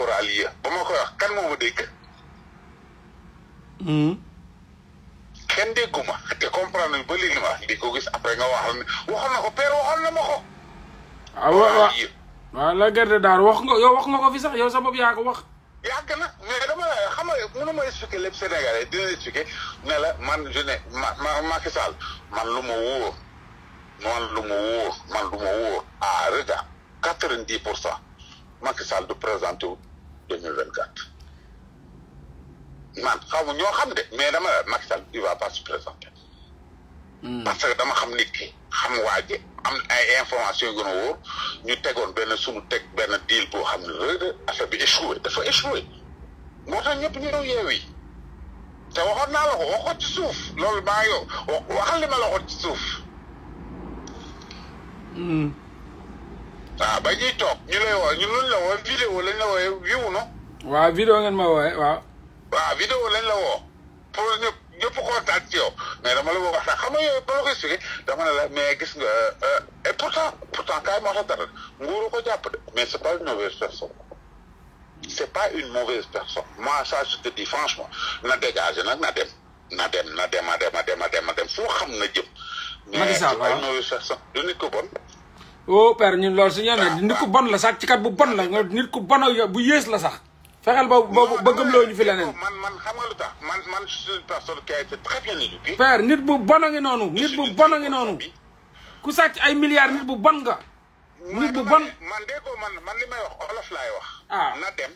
Speaker 2: Oral yi ba ma koy wax kan moo ma dégg mm-hmm. kenn dégguma
Speaker 1: te comprendre ba léegi ma ko gis après nga waxal ne waxoon na ko père waxoon na ma ko ah, waaw waaw la guerre de Darou wax nga yow wax nga ko fi sax yow sa bopp yaa ko wax yàgg na mais dama la xam nga mënu ma expliquer lépp Sénégalais dina expliquer ne la man je ne ma
Speaker 2: ma Macky Sall man lu ma wóor man lu ma wóor man lu ma wóor ah regarde quatre-vingt-dix pour cent Macky Sall du présenté wu deux mille vingt quatre man xaw ma ñoo xam de mais dama la Macky Sall il va pas se présenter. Hmm. parce que dama xam nit ki xam waaje am ay information yu gën a wóor ñu tegoon benn suñu teg benn deal boo xam ne Reug de affaire bi échoué dafa échoué moo tax ñëpp ñu doon yeewi te waxoon naa la ko suuf loolu maa waxal ma la waxoon ci suuf. waaw hmm. ah, ba ñuy toog ñu lay woo ñu luñ la woo vidéo lañ la wooyee wiwu no
Speaker 1: waaw vidéo ngeen ma
Speaker 2: la woo pour ñëpp. ñëpp kontaan ci yow mais dama la wax sax xam nga yooyu ba ma dama la mais gis nga euh, et pourtant pourtant kaay moo tax dara nguuru ko jàpp de mais c'est pas une mauvaise personne c'est pas une mauvaise personne moi ça je te dis franchement na dégagé nag na dem na dem na dem a dem a dem a dem
Speaker 1: a dem foo xam na jëm. Macky Sall mais une mauvaise personne du nit ko bon. oh père ñun loolu suñu ñu ah, nit ku bon la sax ci kat bu bon la nit ku bon bu yées la sax. fexeel boobu boobu ba gëmloo ñu fi leneen. man man xam nga lu tax man man suñu personne nit bu bon a ngi noonu. nit bu bon a ngi noonu. ku sàcc ay milliards nit bu bon nga. nit bu bon man
Speaker 2: de man man
Speaker 1: laay wax. ah na dem.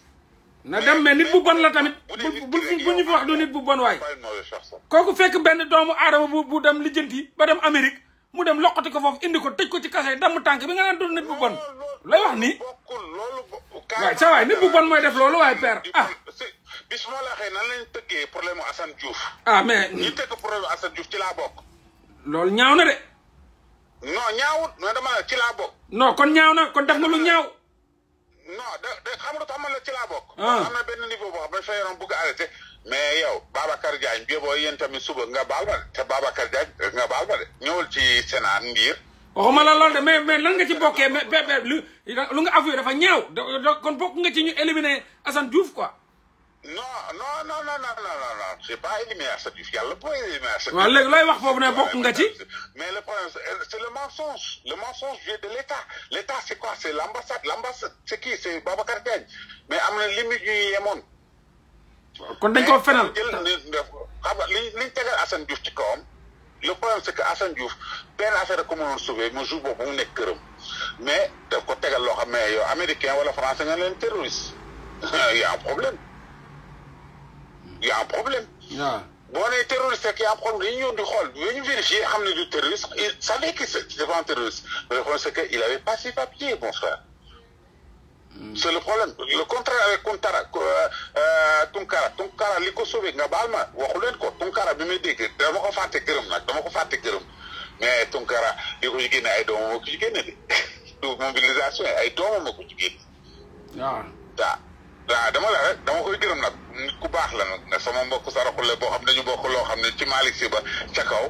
Speaker 1: na dem mais nit bu bon la tamit bu bu ñu fi wax du nit bu bon waay. kooku fekk benn doomu aadama bu bu dem lijjanti ba dem Amérique. mu dem lokati ko foofu indi ko tej ko ci kasse dam tank bi nga naan doon nit bu bon lay wax ni way sa way nit bu bon moy def lolu way père ah
Speaker 2: bis moo la xëy nan lañ tëggee problème u Assane Diouf
Speaker 1: ah mais ni tëgg
Speaker 2: problème Assane Diouf ci
Speaker 1: la bok lol ñaaw na de
Speaker 2: non ñaawut mais dama ci la bok
Speaker 1: non kon ñaaw na kon def na lu ñaaw non da da xam nga tax man la ci laa bokk ah. am na
Speaker 2: niveau bo ba fayeron fa yaram bëgg arrêté mais yow Babacar Diagne bi boo yéen suba nga baal te Babacar Diagne euh, nga baal ma de ñëwul ci Sénat ndiir
Speaker 1: waxuma la loolu de mais mais lan nga ci bokke mais mais lu lu nga avoué dafa ñew kon bokk nga ci ñu éliminer Assane Diouf quoi. non
Speaker 2: non non non non non non c'est pas éliminé Assane Diouf yàlla boo éliminé Assane Diouf. waaw léegi
Speaker 1: wax fofu ne bokk nga ci. mais le problème euh, c'est le mensonge
Speaker 2: le mensonge vient de l'État l'État c'est quoi c'est l'ambassade l'ambassade c'est qui c'est Babacar Diagne mais amna na limite yu ñu
Speaker 1: kon dañ ko fénal
Speaker 2: xam nga liñ liñ tegal Assane Diouf ci kawam le problème c'est que Assane Diouf benn affaire rek ko mënoon sauver mu jour boobu mu nekk këram mais daf ko tegal loo xam ne yow américain wala français nga leen terroriste y a un problème y a un problème. waaw boo nee terroriste rek y a un problème dañuy ñëw di xool ba ñu vérifier xam ne du terroriste il savait que c'est devant terroriste mais le problème c'est que il avait pas ses papiers mon frère. Mm. c'est le problème le contraire avec Tunkara euh, euh, Tunkara Tunkara li ko sauvé nga baal ma waxu leen ko Tunkara bi may dégg dama ko fàtte gërëm nag dama ko fàtte gërëm mais Tunkara li ko ci génne ay doomam moo ko ci génne de mobilisation ay doomam moo ko ci génne. waaw daa daa dama la rek dama koy gërëm nag ku baax la nag sama mbokk saraxule boo xam ne dañu bokk loo xam ne ci Malick si ba ca kaw.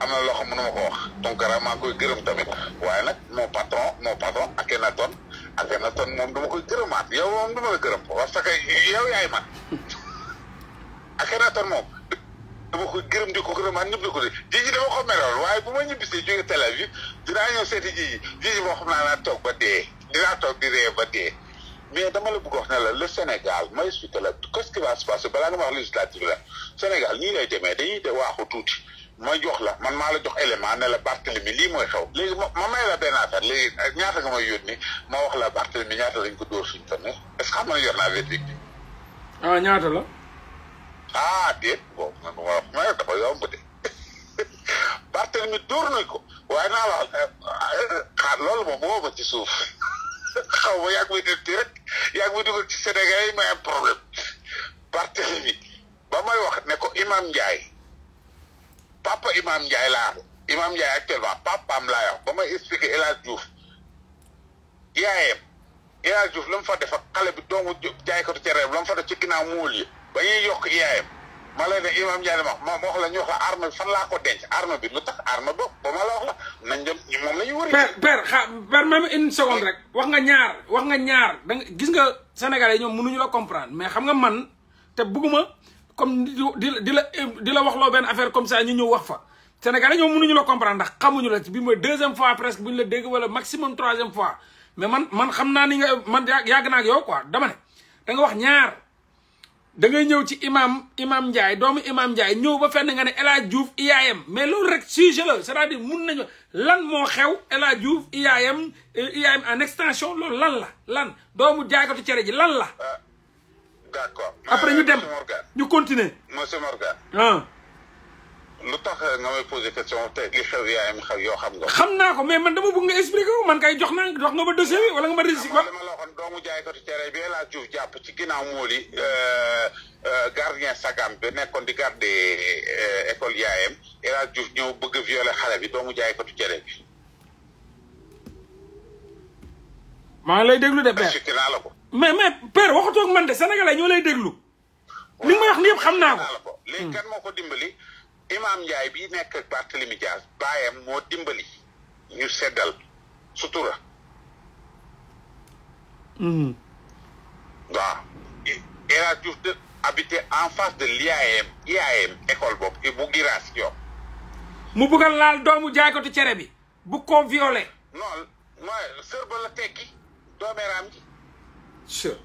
Speaker 2: am na loo xam mënu ma ko wax Tunkara maa koy gërëm tamit waaye nag moo patron moo patron ak affaire a kon moom dama koy gërëmaat yow moom dama gërëm parce que yow yaay man affaire na kon moom dama koy gërëm di ko gërëmaat ñëpp di ko def jiji dama ko melool waaye bu ma ñibbisee jóge Tel Aviv dinaa ñëw seeti jiji jiji moo xam naa naa toog ba dee dinaa toog di ree ba dee mais dama la bugg wax ne la le Sénégal ma expliqué la qu'est-ce qui va se balaa nga ma wax la Sénégal nii lay demee dañuy de waaxu tuuti ma jox la man maa la jox élément ne la Barthélemy lii mooy xew léegi ma ma may la benn affaire léegi eh, ñaata nga may yónni ma wax la Barthélemy ñaata lañ ko dóor suñu tonne est-ce que xam nga yor naa verdict bi. ah, ah dóor nañ ko waaye naa wax eh, xaar loolu moom woo ma ci suuf xaw ma yaa ngi may déglu rek yaa ngi may ci Sénégal yi may am problème Barthélemy ba may wax ne ko Imam Ndiaye. papa Imam Ndiaye laa imam Ndiaye actuellement Papa laa yor ba may expliqué El Hadj Diouf yaayam El Hadj Diouf la mu fa def ak xale bi doomu jaaykatu cere la mu fa def ci ginnaaw muul yi ba ñuy yokk yaayam ma lay ne Imaam Ndiaye ma ma wax la ñu wax la arme bi fan laa ko denc arme bi lu tax arme
Speaker 1: boobu ba ma la wax la nañ dem wër. xa même une seconde rek wax nga ñaar wax nga ñaar da nga gis nga Sénégalais ñoom mënuñu la comprendre mais xam nga man te bëgguma comme di di la di la waxloo benn affaire comme sa ñu ñëw wax fa Sénégalais ñoom ñu la comprendre xamuñu la ci bi mooy deuxième fois presque bu ñu la dégg wala maximum troisième fois mais man man xam naa ni nga man yàgg naa yow quoi dama ne da wax ñaar da ñëw ci imam imam Ndiaye doomu imam Ndiaye ñëw ba fenn nga ne El Hadj Diouf IAM mais loolu rek sujet la c'est-à-dire mun nañu lan moo xew El Hadj Diouf IAM IAM en extension loolu lan la lan doomu jaagatu cere ji lan la gaat quoi. après ñu euh, dem ñu continuer. mooy sama organe.
Speaker 2: lu tax euh, nga may posé question te li xew yaayam yoo xam nga. xam
Speaker 1: naa ko mais man dama bëgg nga expliqué ko man kay jox na jox nga ba dossier bi wala nga ma rési quoi. dama doomu jaaykatu
Speaker 2: cere bi laa jàpp ci ginnaaw mool euh, sagam bi nekkoon di garde école yaayam ñëw bëgg a xale bi doomu jaaykatu cere bi.
Speaker 1: maa ngi lay deglu de. expliqué naa la ko. mais mais père waxatoo man de sénégalais ñoo lay déglu. li nga wax ni yëpp xam naa
Speaker 2: ko. léegi kan moo ko dimbali Imaam Ndiaye bi nekk ak Barthélemy baayam moo dimbali ñu seddal sutura. Hmm. waaw El Hadj Diouf de
Speaker 1: habité en face de l'IAM IAM école boobu bu Giras yow. mu bëgg laal doomu jaaykatu cere bi bu ko violé.
Speaker 2: non mooy sër la tekki doomeeraam ji. sure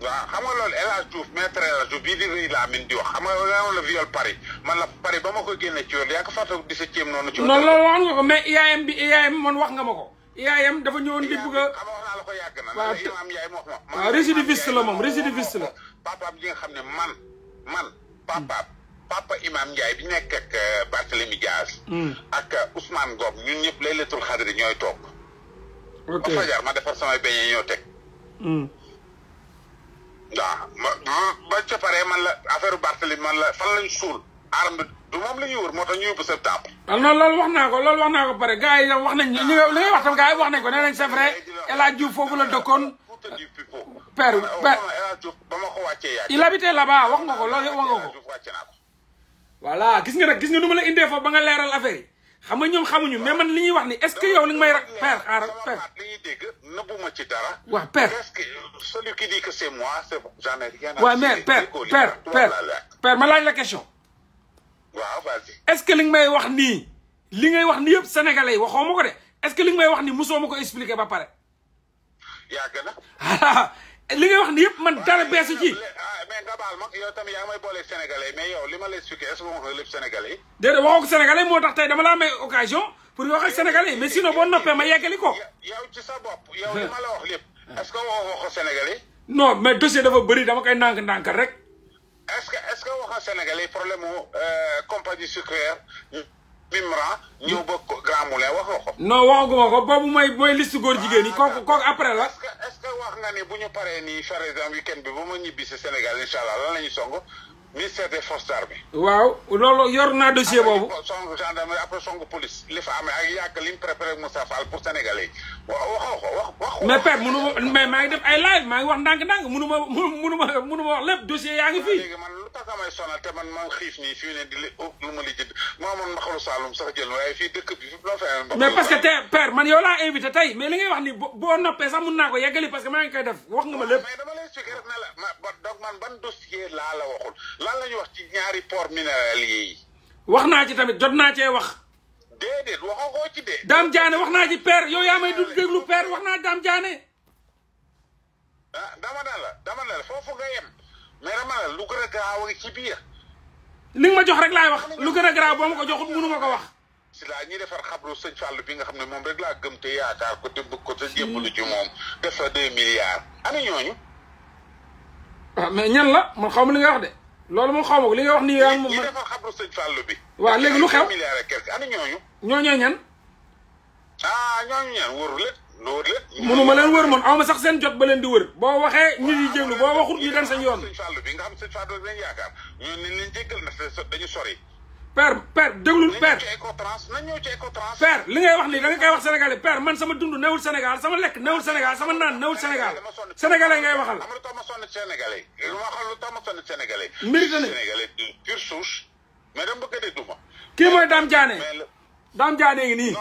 Speaker 2: waaw xam nga loolu El Hadj maître El Hadj Diouf di rëy laa min di wax xam nga loolu la viol Paris man la Paris ba ko génne ci yoon yaa ko fàttaliku di sa ci non loolu wax nga ko
Speaker 1: mais IAM bi IAM man wax nga ma IAM dafa ñëwoon di bëgg xam nga la ko yàgg na. waaw te waaw récidiviste la moom récidiviste la.
Speaker 2: papaam ji nga xam man man papaam papa Imam Ndiaye bi nekk ak euh, Barthélemy Diaz. Hmm. ak euh, Ousmane Ngom ñun ñëpp laylatul xadri ñooy toog. ok fajar ma defar samay beñe ñoo teg. waaw mm. ma ba ca pare man la affaire Barthélémy man la fan lañ suul arme bi du moom la ñuy wër moo tax ñu
Speaker 1: yóbbu sa ah, tàpp. non loolu wax naa ko loolu wax naa ko pare gars yi wax nañ li ngay wax tam gars yi wax nañ ko nee nañ c'est vrai El Hadj Diouf foofu la dëkkoon. père père il habitait wax nga ko loolu wax nga ko. voilà gis nga nag gis nga nu ma la indee foofu ba nga leeral affaire xam nga ñoom xamuñu mais man li ñuy wax ni est-ce que yow li nga may ra père xaaral père. li ñuy dégg nëbbuma ci dara. waaw père ma laaj la question. waaw est-ce que li nga may wax nii li ngay wax nii yëpp sénégalais yi waxoo ma ko de est-ce que li may wax nii mosoo ma ko expliquer ba pare. yàgg na. li nga wax ni yëpp man dara beesu ci. Ah, mais nga baal ma yow tamit yaa ngi may boole sénégalais mais yow li ma la expliqué est-ce que waxoo ko lépp sénégalais. déedéet waxoo ko sénégalais moo tax tey dama laa may occasion pour wax ak sénégalais mais sinon boo noppee ma yeggali ko.
Speaker 2: yow ci sa bopp yow li ma la wax lépp. est-ce que waxoo ko sénégalais.
Speaker 1: non mais dossier dafa bëri dama koy ndànk-ndànk rek.
Speaker 2: est-ce que est-ce que waxoo sénégalais problème mu euh, compagnie sucrière. Mimran
Speaker 1: ñëw ba Grand Moulin wax nga ko. non ko boobu mooy mooy liste góor jigéen yi kooku kooku après la. est ce wax
Speaker 2: nga ni bu ñu paree nii par exemple weekend bi ba ma ñibbi si Sénégal incha allah lan la ñuy song ministère des forces armées.
Speaker 1: waaw loolu yor naa dossier boobu. après song
Speaker 2: après song police li fa amee ak yàgg li mu préparé pour sénégalais yi.
Speaker 1: mais père mënu ma mais maa ngi def ay live maa ngi wax ndànk-ndànk mënu ma mënu ma mënu ma wax lépp dossier yaa ngi fii. léegi man lu tax amay
Speaker 2: sonal te man maa ngi xiif nii fii ne di oh, lu ma li jënd maa man ma xalu Saalum sax jël waaye fii dëkk bi
Speaker 1: mais parce que te père man yow laa invité tey mais li ngay wax ni boo noppee sax mun naa ko yeggali parce que maa ngi koy def wax nga ma lépp. mais dama lay expliqué rek
Speaker 2: ne ban dossier laa la waxul lan la ñu wax ci ñaari port minéral lii
Speaker 1: wax naa ci tamit jot naa cee wax.
Speaker 2: déedéet waxoo ko ci
Speaker 1: dee. Dame Diané wax naa ci père yow yaa may déglu déglu wax naa Dame Diané.
Speaker 2: ah dama ne la dama ne la foofu nga yem
Speaker 1: mais dama lu gën a garaaw ci biir. li ma jox rek laay wax lu gën a garaaw boo ma ko joxut mënu ma ko wax.
Speaker 2: si la ñuy defar xabru sëñ Fallou bi nga xam ne moom rek laa gëm te yaakaar ko te bëgg ko te
Speaker 1: jébbalu ci moom def sa deux milliards. ana ñooñu. ah mais ñan la man xaw ma li nga wax de. loolu moom xaw ma ko li nga wax nii yaa moom. ñi defar
Speaker 2: xabru sëñ Fallou
Speaker 1: bi. waaw léegi lu xew ana ñooñu. ñooñoo ñan. ah ñooñu ñan wóoru leen. leen. wër man aw sax seen jot ba leen di wër. boo waxee ñu ngi jéglu boo waxut ñu dem seen yoon. sëñ Fallou bi nga xam seen Fallou bi lañ yaakaar ñooñu leen jéggal na dañu sori père père déglul père per li ngay wax nii da nga koy wax sénégalais père man sama dund newul Sénégal sama lekk newul Sénégal sama naan newul Sénégal sénégalais ngay waxal. mérite na kii mooy Dame Diané Dame Diané ngi nii.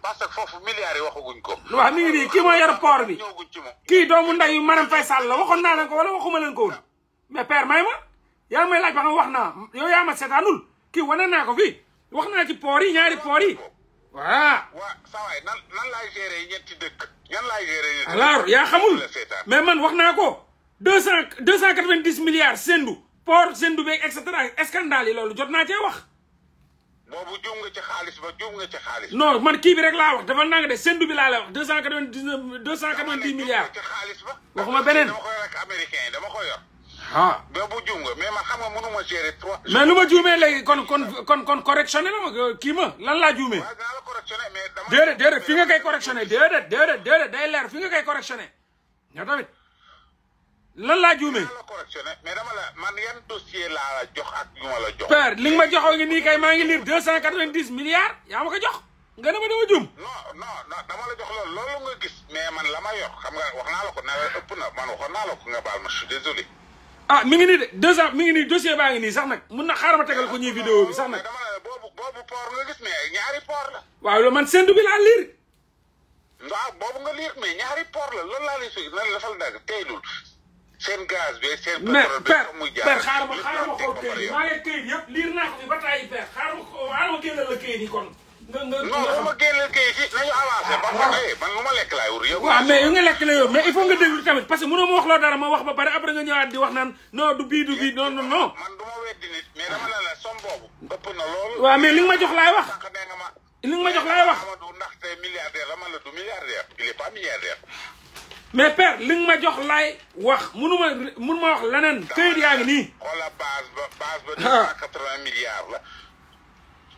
Speaker 1: parce que foofu milliards yi waxaguñ ko. waaw mi ngi nii kii mooy yor koor bi kii doomu nday Marème Faye Sall la waxoon naa leen ko wala waxuma leen ko woon mais père may ma. yaa may laaj ba xam wax naa yow yaa ma seetaanul kii wane naa ko fii wax naa ci poor yi ñaari poor yi waaw. waaw
Speaker 2: saa waay nan nan laay gérer ñetti dëkk. yan laay gérer ñetti
Speaker 1: dëkk alors yaa xamul mais man wax naa ko deux cent deux cent quatre vingt dix milliards sendu port sendu beeg et cetera scandale yi loolu jot naa cee wax. boobu juum nga ci xaalis ba juum nga ci xaalis. non man kii bi rek laa wax dafa nang de sendu bi laa la wax deux cent quatre vingt dix neuf deux cent beneen dama koy rek ah. mais bu juum nga mais man xam nga mënu ma gérer trois. mais lu ma juumee léegi kon kon kon kon correctionné la ma kii ma lan laa juumee. waaw dinaa la correctionné mais dama. déedéet déedéet fi nga koy correctionné déedéet déedéet déedéet day leer fi nga koy correctionné. nga tamit lan laa juumee. dinaa la correctionné mais dama
Speaker 2: la man yan dossier laa la jox ak ñu ma la
Speaker 1: jox. père li nga ma joxoo ngi nii kay maa ngi lire deux cent quatre-vingt-dix milliards yaa ma ko jox. nga dama dama jum. non non non dama la jox loolu loolu nga gis mais man la ma yor xam nga wax naa la ko nawet ëpp na man waxoon naa la ko nga baal ma je suis désolé. ah mi ngi nii de deux ans mi ngi nii dossier baa ngi nii sax nag mun na xaaral ma tegal ko ñuy vidéo bi sax nag. boobu boobu port nga gis mais ñaari port la. waaw loolu man séntu bi laa liir.
Speaker 2: waaw boobu nga liir mais ñaari port la loolu laa lay suy lan la fal dagg
Speaker 1: teelul seen gaz bi seen pétrole bi sax muy jaar mais liir naa ko fi ba tàyyi per xaaral ma xaaral kon. nga nga non su ma génneel kay ma lekk laay wut yow. waaw mais ma wax loo dara ma wax ba pare après nga ñëwaat di wax naan non du bii du bii non non non. man du ma weddi nit mais dama ne la somme boobu. ëpp mais li ma jox laay wax. li ma jox wax. la man la du ma leneen. kayit yaa ngi nii. xoolal base ba base ba.
Speaker 2: 280 la.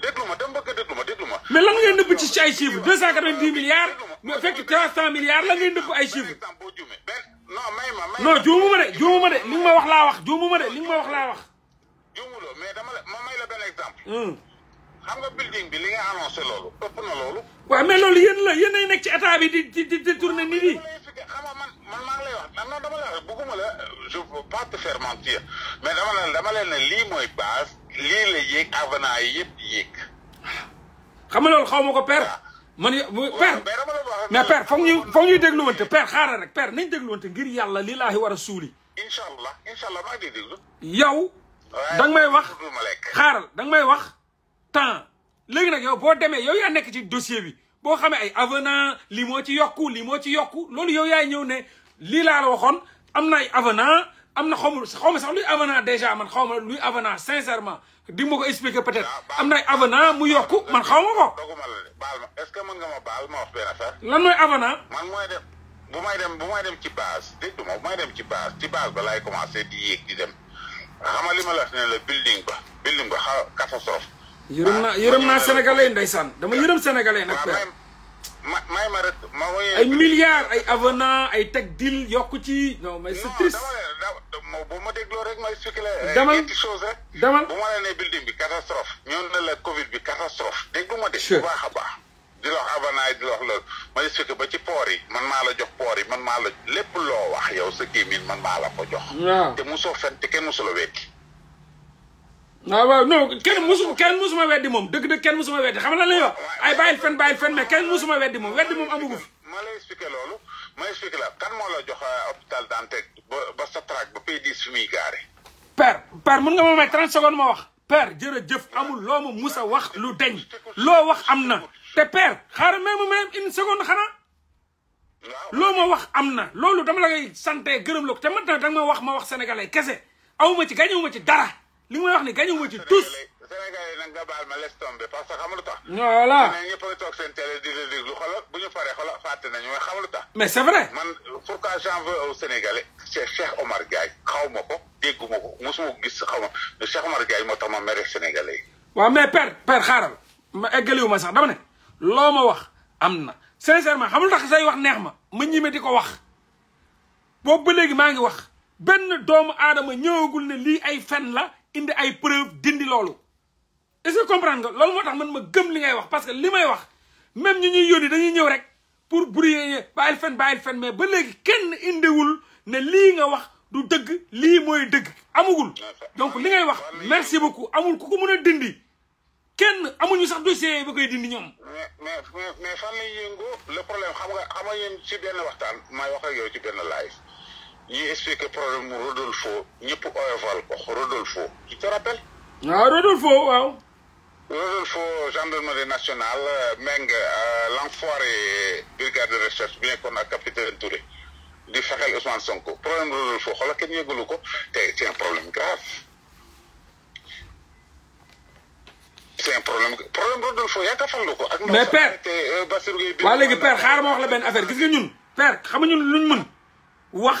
Speaker 1: déglu ma dama bëgg déglu ma déglu ma. mais lan ngay nëbb ci ci ay chiffres deux cent quatre-vingt-dix milliards mais fekk trois cent milliards lan ngay nëbb ay chiffres. non may de juumu ma de li ma wax laa wax juumu ma de li ma wax la mais dama la ma may la benn exemple.
Speaker 2: xam nga building bi li nga annoncé loolu
Speaker 1: ëpp na loolu. waaw mais loolu yéen la yéen ay nekk bi di di di tourner nit yi. xam
Speaker 2: nga man man maa ngi lay a non dama lay wax bëgguma la je veux pas te faire mentir mais dama la ne lii mooy base lii la
Speaker 1: xam nga loolu xaw ma ko père. man père mais père foog ñu foog ñuy dégluwante père xaaral rek père nañ dégluwante ngir yàlla li laahi war a suuli. incha allah yow. da nga may wax xaaral da may wax. temps léegi nag yow boo demee yow yaa nekk ci dossier bi boo xamee ay avenant lii moo ci yokku lii moo ci yokku loolu yow yaay ñëw ne lii laa la waxoon am na ay avenant am na xaw ma xaw ma sax luy avenant déjà man xaw ma luy avenant sincèrement di ma ko expliquer peut-être ah, am na ay avenant mu yokku man xaw ma ko. doguma la de baal ma est que ma baal ma wax lan mooy avenant.
Speaker 2: man mooy dem bu may dem bu may dem ci base dégg nga bu may dem ci base ci base ba laay commencé di yéeg di dem xamal li ma la wax ne la building ba building ba xaw
Speaker 1: yërëm naa yërëm naa sénégalais yi ndeysaan dama yërëm sénégalais nag père may ma rek ma woyee ay milliards ay avenant ay teg deal yokk ci non mais c'est triste bu ma dégloo rek may circuler eh, damal chose rek eh. damal bu
Speaker 2: ma la nee bi catastrophe ñoo na la covid bi catastrophe déglu ma de bu baax a baax di la wax avenant yi di la wax ba ci poor yi man maa la jox poor yi man maa la lépp loo wax yow sa gémmiñ man maa la ko jox te mosoo te kenn mosu la weddi
Speaker 1: waaw ah, waaw non kenn musuma kenn musuma weddi moom dëgg-dëgg kenn musuma weddi xam nga lan lay wax ay bàyyil fen bàyyil fen mais kenn musuma weddi moom weddi moom amagu fi. ma lay expliqué loolu ma expliqué la
Speaker 2: kan moo la jox euh, hôpital
Speaker 1: Dantec ba ba Satrak ba Pays 10 fi muy gaare. père mun nga ma may 30 secondes ma wax. père jërëjëf amul loo ma mus a wax lu deñ loo wax am na te per père xaaral même même une seconde xanaa loo ma wax am na loolu dama la ngay santé gërëm la te man da nga ma wax ma wax sénégalais kese awuma ci gañewuma ci dara. li may wax ni gañu wu ci tous. Sénégalais baal ma laisse tomber parce que xam lu tax. voilà mais ñëpp a toog seen télé di di déglu xoolal bu ñu paree xoolal fàtte nañu mais xam lu tax. mais c'est vrai. man pourquoi j'en
Speaker 2: veux au Sénégalais. c'est Cheikh ma ko dégguma ko mosuma xaw ma Cheikh Omar Gaye moo tax ma mere Sénégalais yi.
Speaker 1: waaw mais père père xaaral ma eggaliwu ma sax dama ne loo ma wax am na sincèrement xam lu tax say wax neex ma ma ñime di ko wax boobu ba léegi maa ngi wax benn doomu aadama ñëwagul ne lii ay fen la. indi ay preuve dindi loolu est-ce que comprendre nga loolu moo tax man ma gëm li ngay wax parce que li may wax même ñi ñuy yónni dañuy ñëw rek pour brouiller bàyyil fen bàyyil fen mais ba léegi kenn indiwul ne lii nga wax du dëgg lii mooy dëgg amugul donc li ngay wax merci beaucoup amul ku ko mën a dindi kenn ñu sax dossier ba koy dindi ñoom.
Speaker 2: mais mais mais fan la yëngu le problème xam nga xam nga yéen ci benn waxtaan may wax ak yow ci benn live il explique le problème de Rodolfo, il peut Rodolfo. Tu te rappelles
Speaker 1: Ah, Rodolfo, wow. Rodolfo, gendarmerie nationale, Meng, euh,
Speaker 2: l'enfoiré brigade de recherche, bien qu'on a capitaine Touré, du Fahel Ousmane Sonko. Problème Rodolfo, c'est un problème grave. c'est un problème problème Rodolfo y a un ak mais père
Speaker 1: euh, waa léegi père je ma wax la benn affaire gis nga ñun. père xam nga ñun luñ mën wax.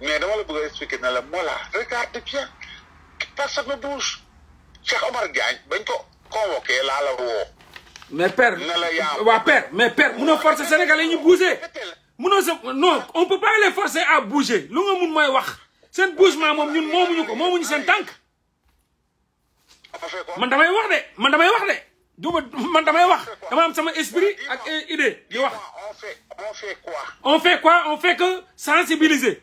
Speaker 2: mais dama la bëgg expliquer regarde bien personne ne bouge
Speaker 1: Cheikh Omar Gagne, ben convoqué là, la mais père père mais père forcer sénégalais bouger. non on peut pas les forcer à bouger lu nga wax bougement ñun ko idée on fait quoi. on fait quoi on fait que sensibiliser.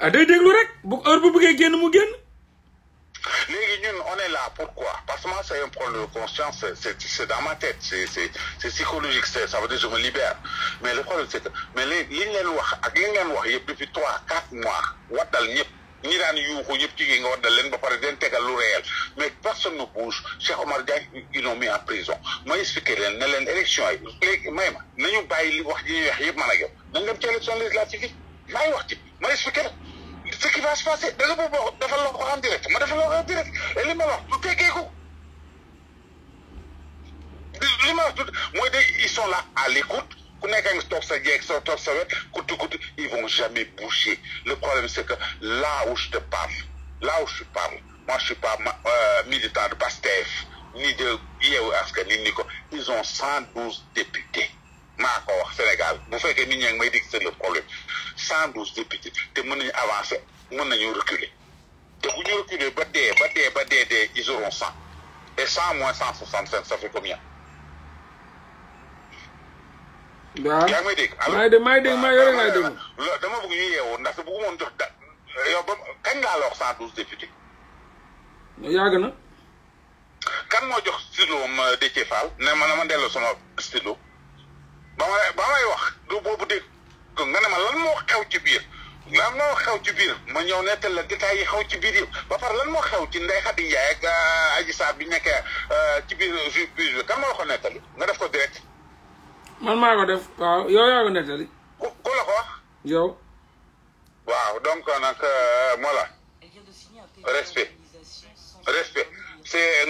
Speaker 2: ah day déglu rek bu heure bu
Speaker 1: bëggee génn mu génn.
Speaker 2: Légui ñun on est là pourquoi parce que moi c'est un problème de conscience c'est c'est dans ma tête c'est c'est c'est psychologique c'est ça veut dire je me libère mais le problème c'est que mais li li ñu leen wax ak li ñu leen wax yëpp depuis 3 4 mois waddal ñëpp ñi daan yu yuuxu ñëpp ci nga waddal leen ba paré den tégal lu réel mais personne ne bouge Cheikh Omar dia ils ont mis en prison ma expliqué leen ne leen élection ay léegi may ma nañu bàyyi li wax ji wax yépp man ak yow nañ dem ci élection législative mais ngi mais ci ma ce qui va se passer de nga bëgg defal en direct Mais defal le en direct et les ma tu du teggeeku li ma wax ils sont là à l'écoute ku nekk a ngi toog sa jeeg sa toog sa ils vont jamais bouger le problème c'est que là où je te parle là où je parle moi je suis pas euh, militant de PASTEF ni de Yewwi Askan ni quoi. ils ont 112 députés maa ko wax Sénégal bu fekkee nit ñaa ngi may dig c'est le problème cent douze députés te mën nañu avancer mën nañu reculer te bu ñu reculer ba dee ba dee ba dee dee ils auront cent et cent moins cent soixante cinq ça fait combien. waaw yaa ngi may dégg. maa de maa dégg maa yore maa dégg. dama bëgg ñu yeewoo ndax bu ko mën jox da yow ba kañ laa la wax cent douze députés. yàgg na. kan moo jox stylo ma euh, Déthié Fall ne ma ne ma delloo sama stylo. ba may ba may wax du boobu dégg nga ne ma lan moo xew ci biir lan moo xew ci biir moo ñëw nettal la détails yi xew ci biir yëpp ba pare lan moo xew ci Ndeye Khady Ndiaye ak euh, Adji Sarr bi nekkee euh, ci biir juge bi kan moo la nettali nga def ko direct.
Speaker 1: man maa ko def waaw yow yaa ko nettali. ku ku wax. yow.
Speaker 2: waaw donc euh, nag voilà respect respect. c'est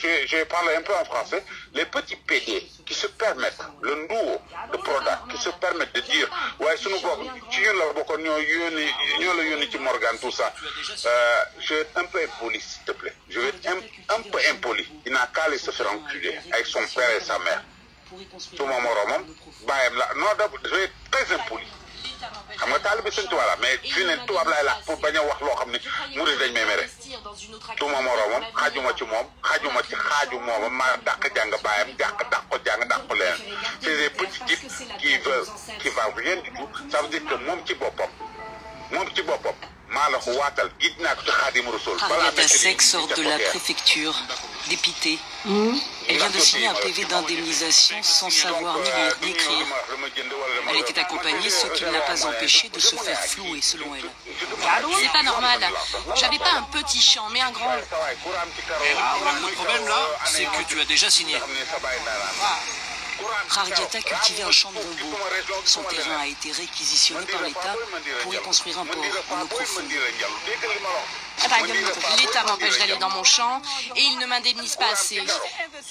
Speaker 2: je, je parle un peu en français, les petits PD qui se permettent, le nouveau le product, qui se permettent de dire, ouais, si nous Morgan, tout ça, euh, je vais être un peu impoli, s'il te plaît. Je vais être un, peu impoli. Il n'a qu'à aller se faire enculer avec son père et sa mère. Tout mon monde, je vais être très impoli. xam nga taalibe sëñ Tuubaa la mais fi ne tubaab laay laax pour bañ a wax loo xam ne murid dañ may mere
Speaker 1: du ma moroomam
Speaker 2: xaajuma ci moom xaajuma ci xaaju moomam maa dàq jàng baayam dàq dàq ko jàng dàq ko leneen c'est des petits types qui veulent qui valent rien du tout ça veut dire que moom ci boppam moom ci boppam Harriet sort de la préfecture, dépitée.
Speaker 1: Hmm? Elle vient de signer un PV
Speaker 2: d'indemnisation sans savoir ni lire ni écrire. Elle était
Speaker 1: accompagnée, ce qui ne pas empêché de se faire flouer, selon elle. C'est pas normal. J'avais pas un petit champ, mais un grand. Eh
Speaker 2: ben, le problème là, c'est que tu as déjà signé
Speaker 1: a cultivait un champ
Speaker 2: de bonbons. Son
Speaker 1: terrain a été réquisitionné par l'État pour y construire un port en eau profonde.
Speaker 2: Ah, l'État m'empêche d'aller dans mon champ et il ne m'indemnise pas assez.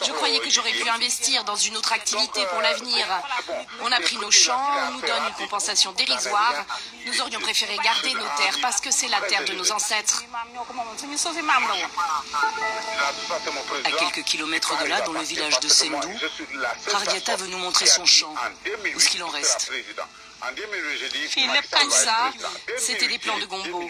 Speaker 2: Je croyais que j'aurais pu investir dans une autre activité pour l'avenir. On a pris nos champs, on nous donne une compensation dérisoire. Nous aurions préféré garder nos terres parce que c'est la terre de nos ancêtres.
Speaker 1: À quelques kilomètres de là, dans le village de Sendou,
Speaker 2: Harrieta veut nous montrer son champ, ou ce qu'il en reste.
Speaker 1: Comme ça, c'était des plans de Gombo.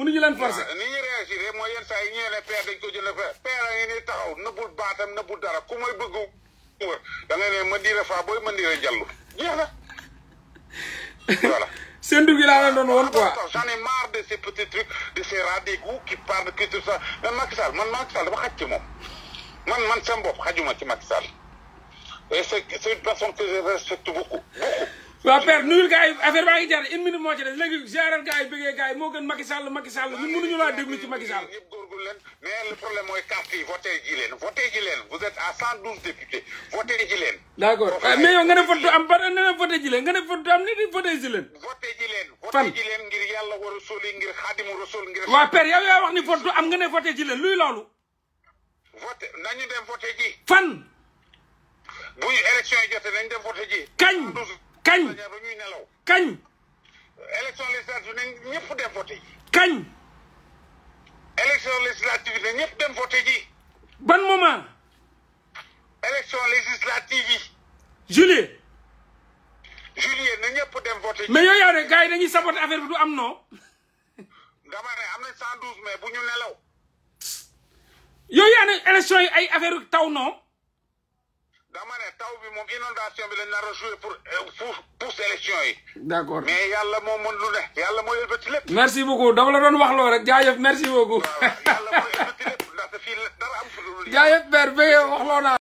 Speaker 1: mënuñu leen forcer. ni ñuy réagir rek mooy yenn saa
Speaker 2: yi ñeene père dañ ko jënd père père a ngi nii taxaw nëbbul baatam nëbbul dara ku may bëgg wër da ngay ne ma diira faa booy ma diira jàllu jeex na
Speaker 1: voilà. seen dugub yi laa leen doon woon quoi. j'en
Speaker 2: ai marre de ces petits trucs de ces radicaux qui parlent de tout ça man Macky Sall man Macky Sall dafa xaj ci moom man man sama bopp xajuma ci Macky Sall
Speaker 1: et une personne que je respecte waa père nuyul gars yi affaire baa ngi jar une minute moo ci des léegi gérer gars yi bëggee gars yi moo gën Macky Sall Macky Sall ñun mënuñu laa déglu ci Macky Sall. ñëpp
Speaker 2: góorgóorlu leen mais le problème mooy carte yi voté ji leen
Speaker 1: voté ji leen vous êtes à 112
Speaker 2: députés voté ji leen.
Speaker 1: d' accord mais yow nga ne vote am ba nga ne voté ji leen nga ne vote am nit voté ji leen. voté ji leen. fan voté
Speaker 2: ji leen ngir yàlla war a soli ngir xaadimu rasul
Speaker 1: ngir. waa père yow yaa wax ni vote am nga ne voté ji leen luy loolu.
Speaker 2: voté nañu dem voté ji. fan. bu ñu élection yi jotee nañ dem voté ji.
Speaker 1: kañ. kañ kañ.
Speaker 2: élection législative ne ñëpp dem voté ji. kañ. élection législative na ñëpp dem voté ji.
Speaker 1: ban moment. élection législative yi. juillet. juillet na ñëpp dem voté ji. mais yooyu yaa ne dañuy saboté affaire bi du am non.
Speaker 2: dama ne am na 112 mais bu ñu nelaw.
Speaker 1: yooyu yaa ne élection yi ay affaire taw non. dama ne taw bi moom inondation bi lañ la a joué euh, pour pour pour sélection yi. d' accord
Speaker 2: mais yàlla moo mën lu ne. yàlla moo yëlbati
Speaker 1: lépp. merci beaucoup dama la doon wax loo rek jaajëf merci beaucoup. waaw yàlla moo yëlbati lépp
Speaker 2: ndaxte fii dara am.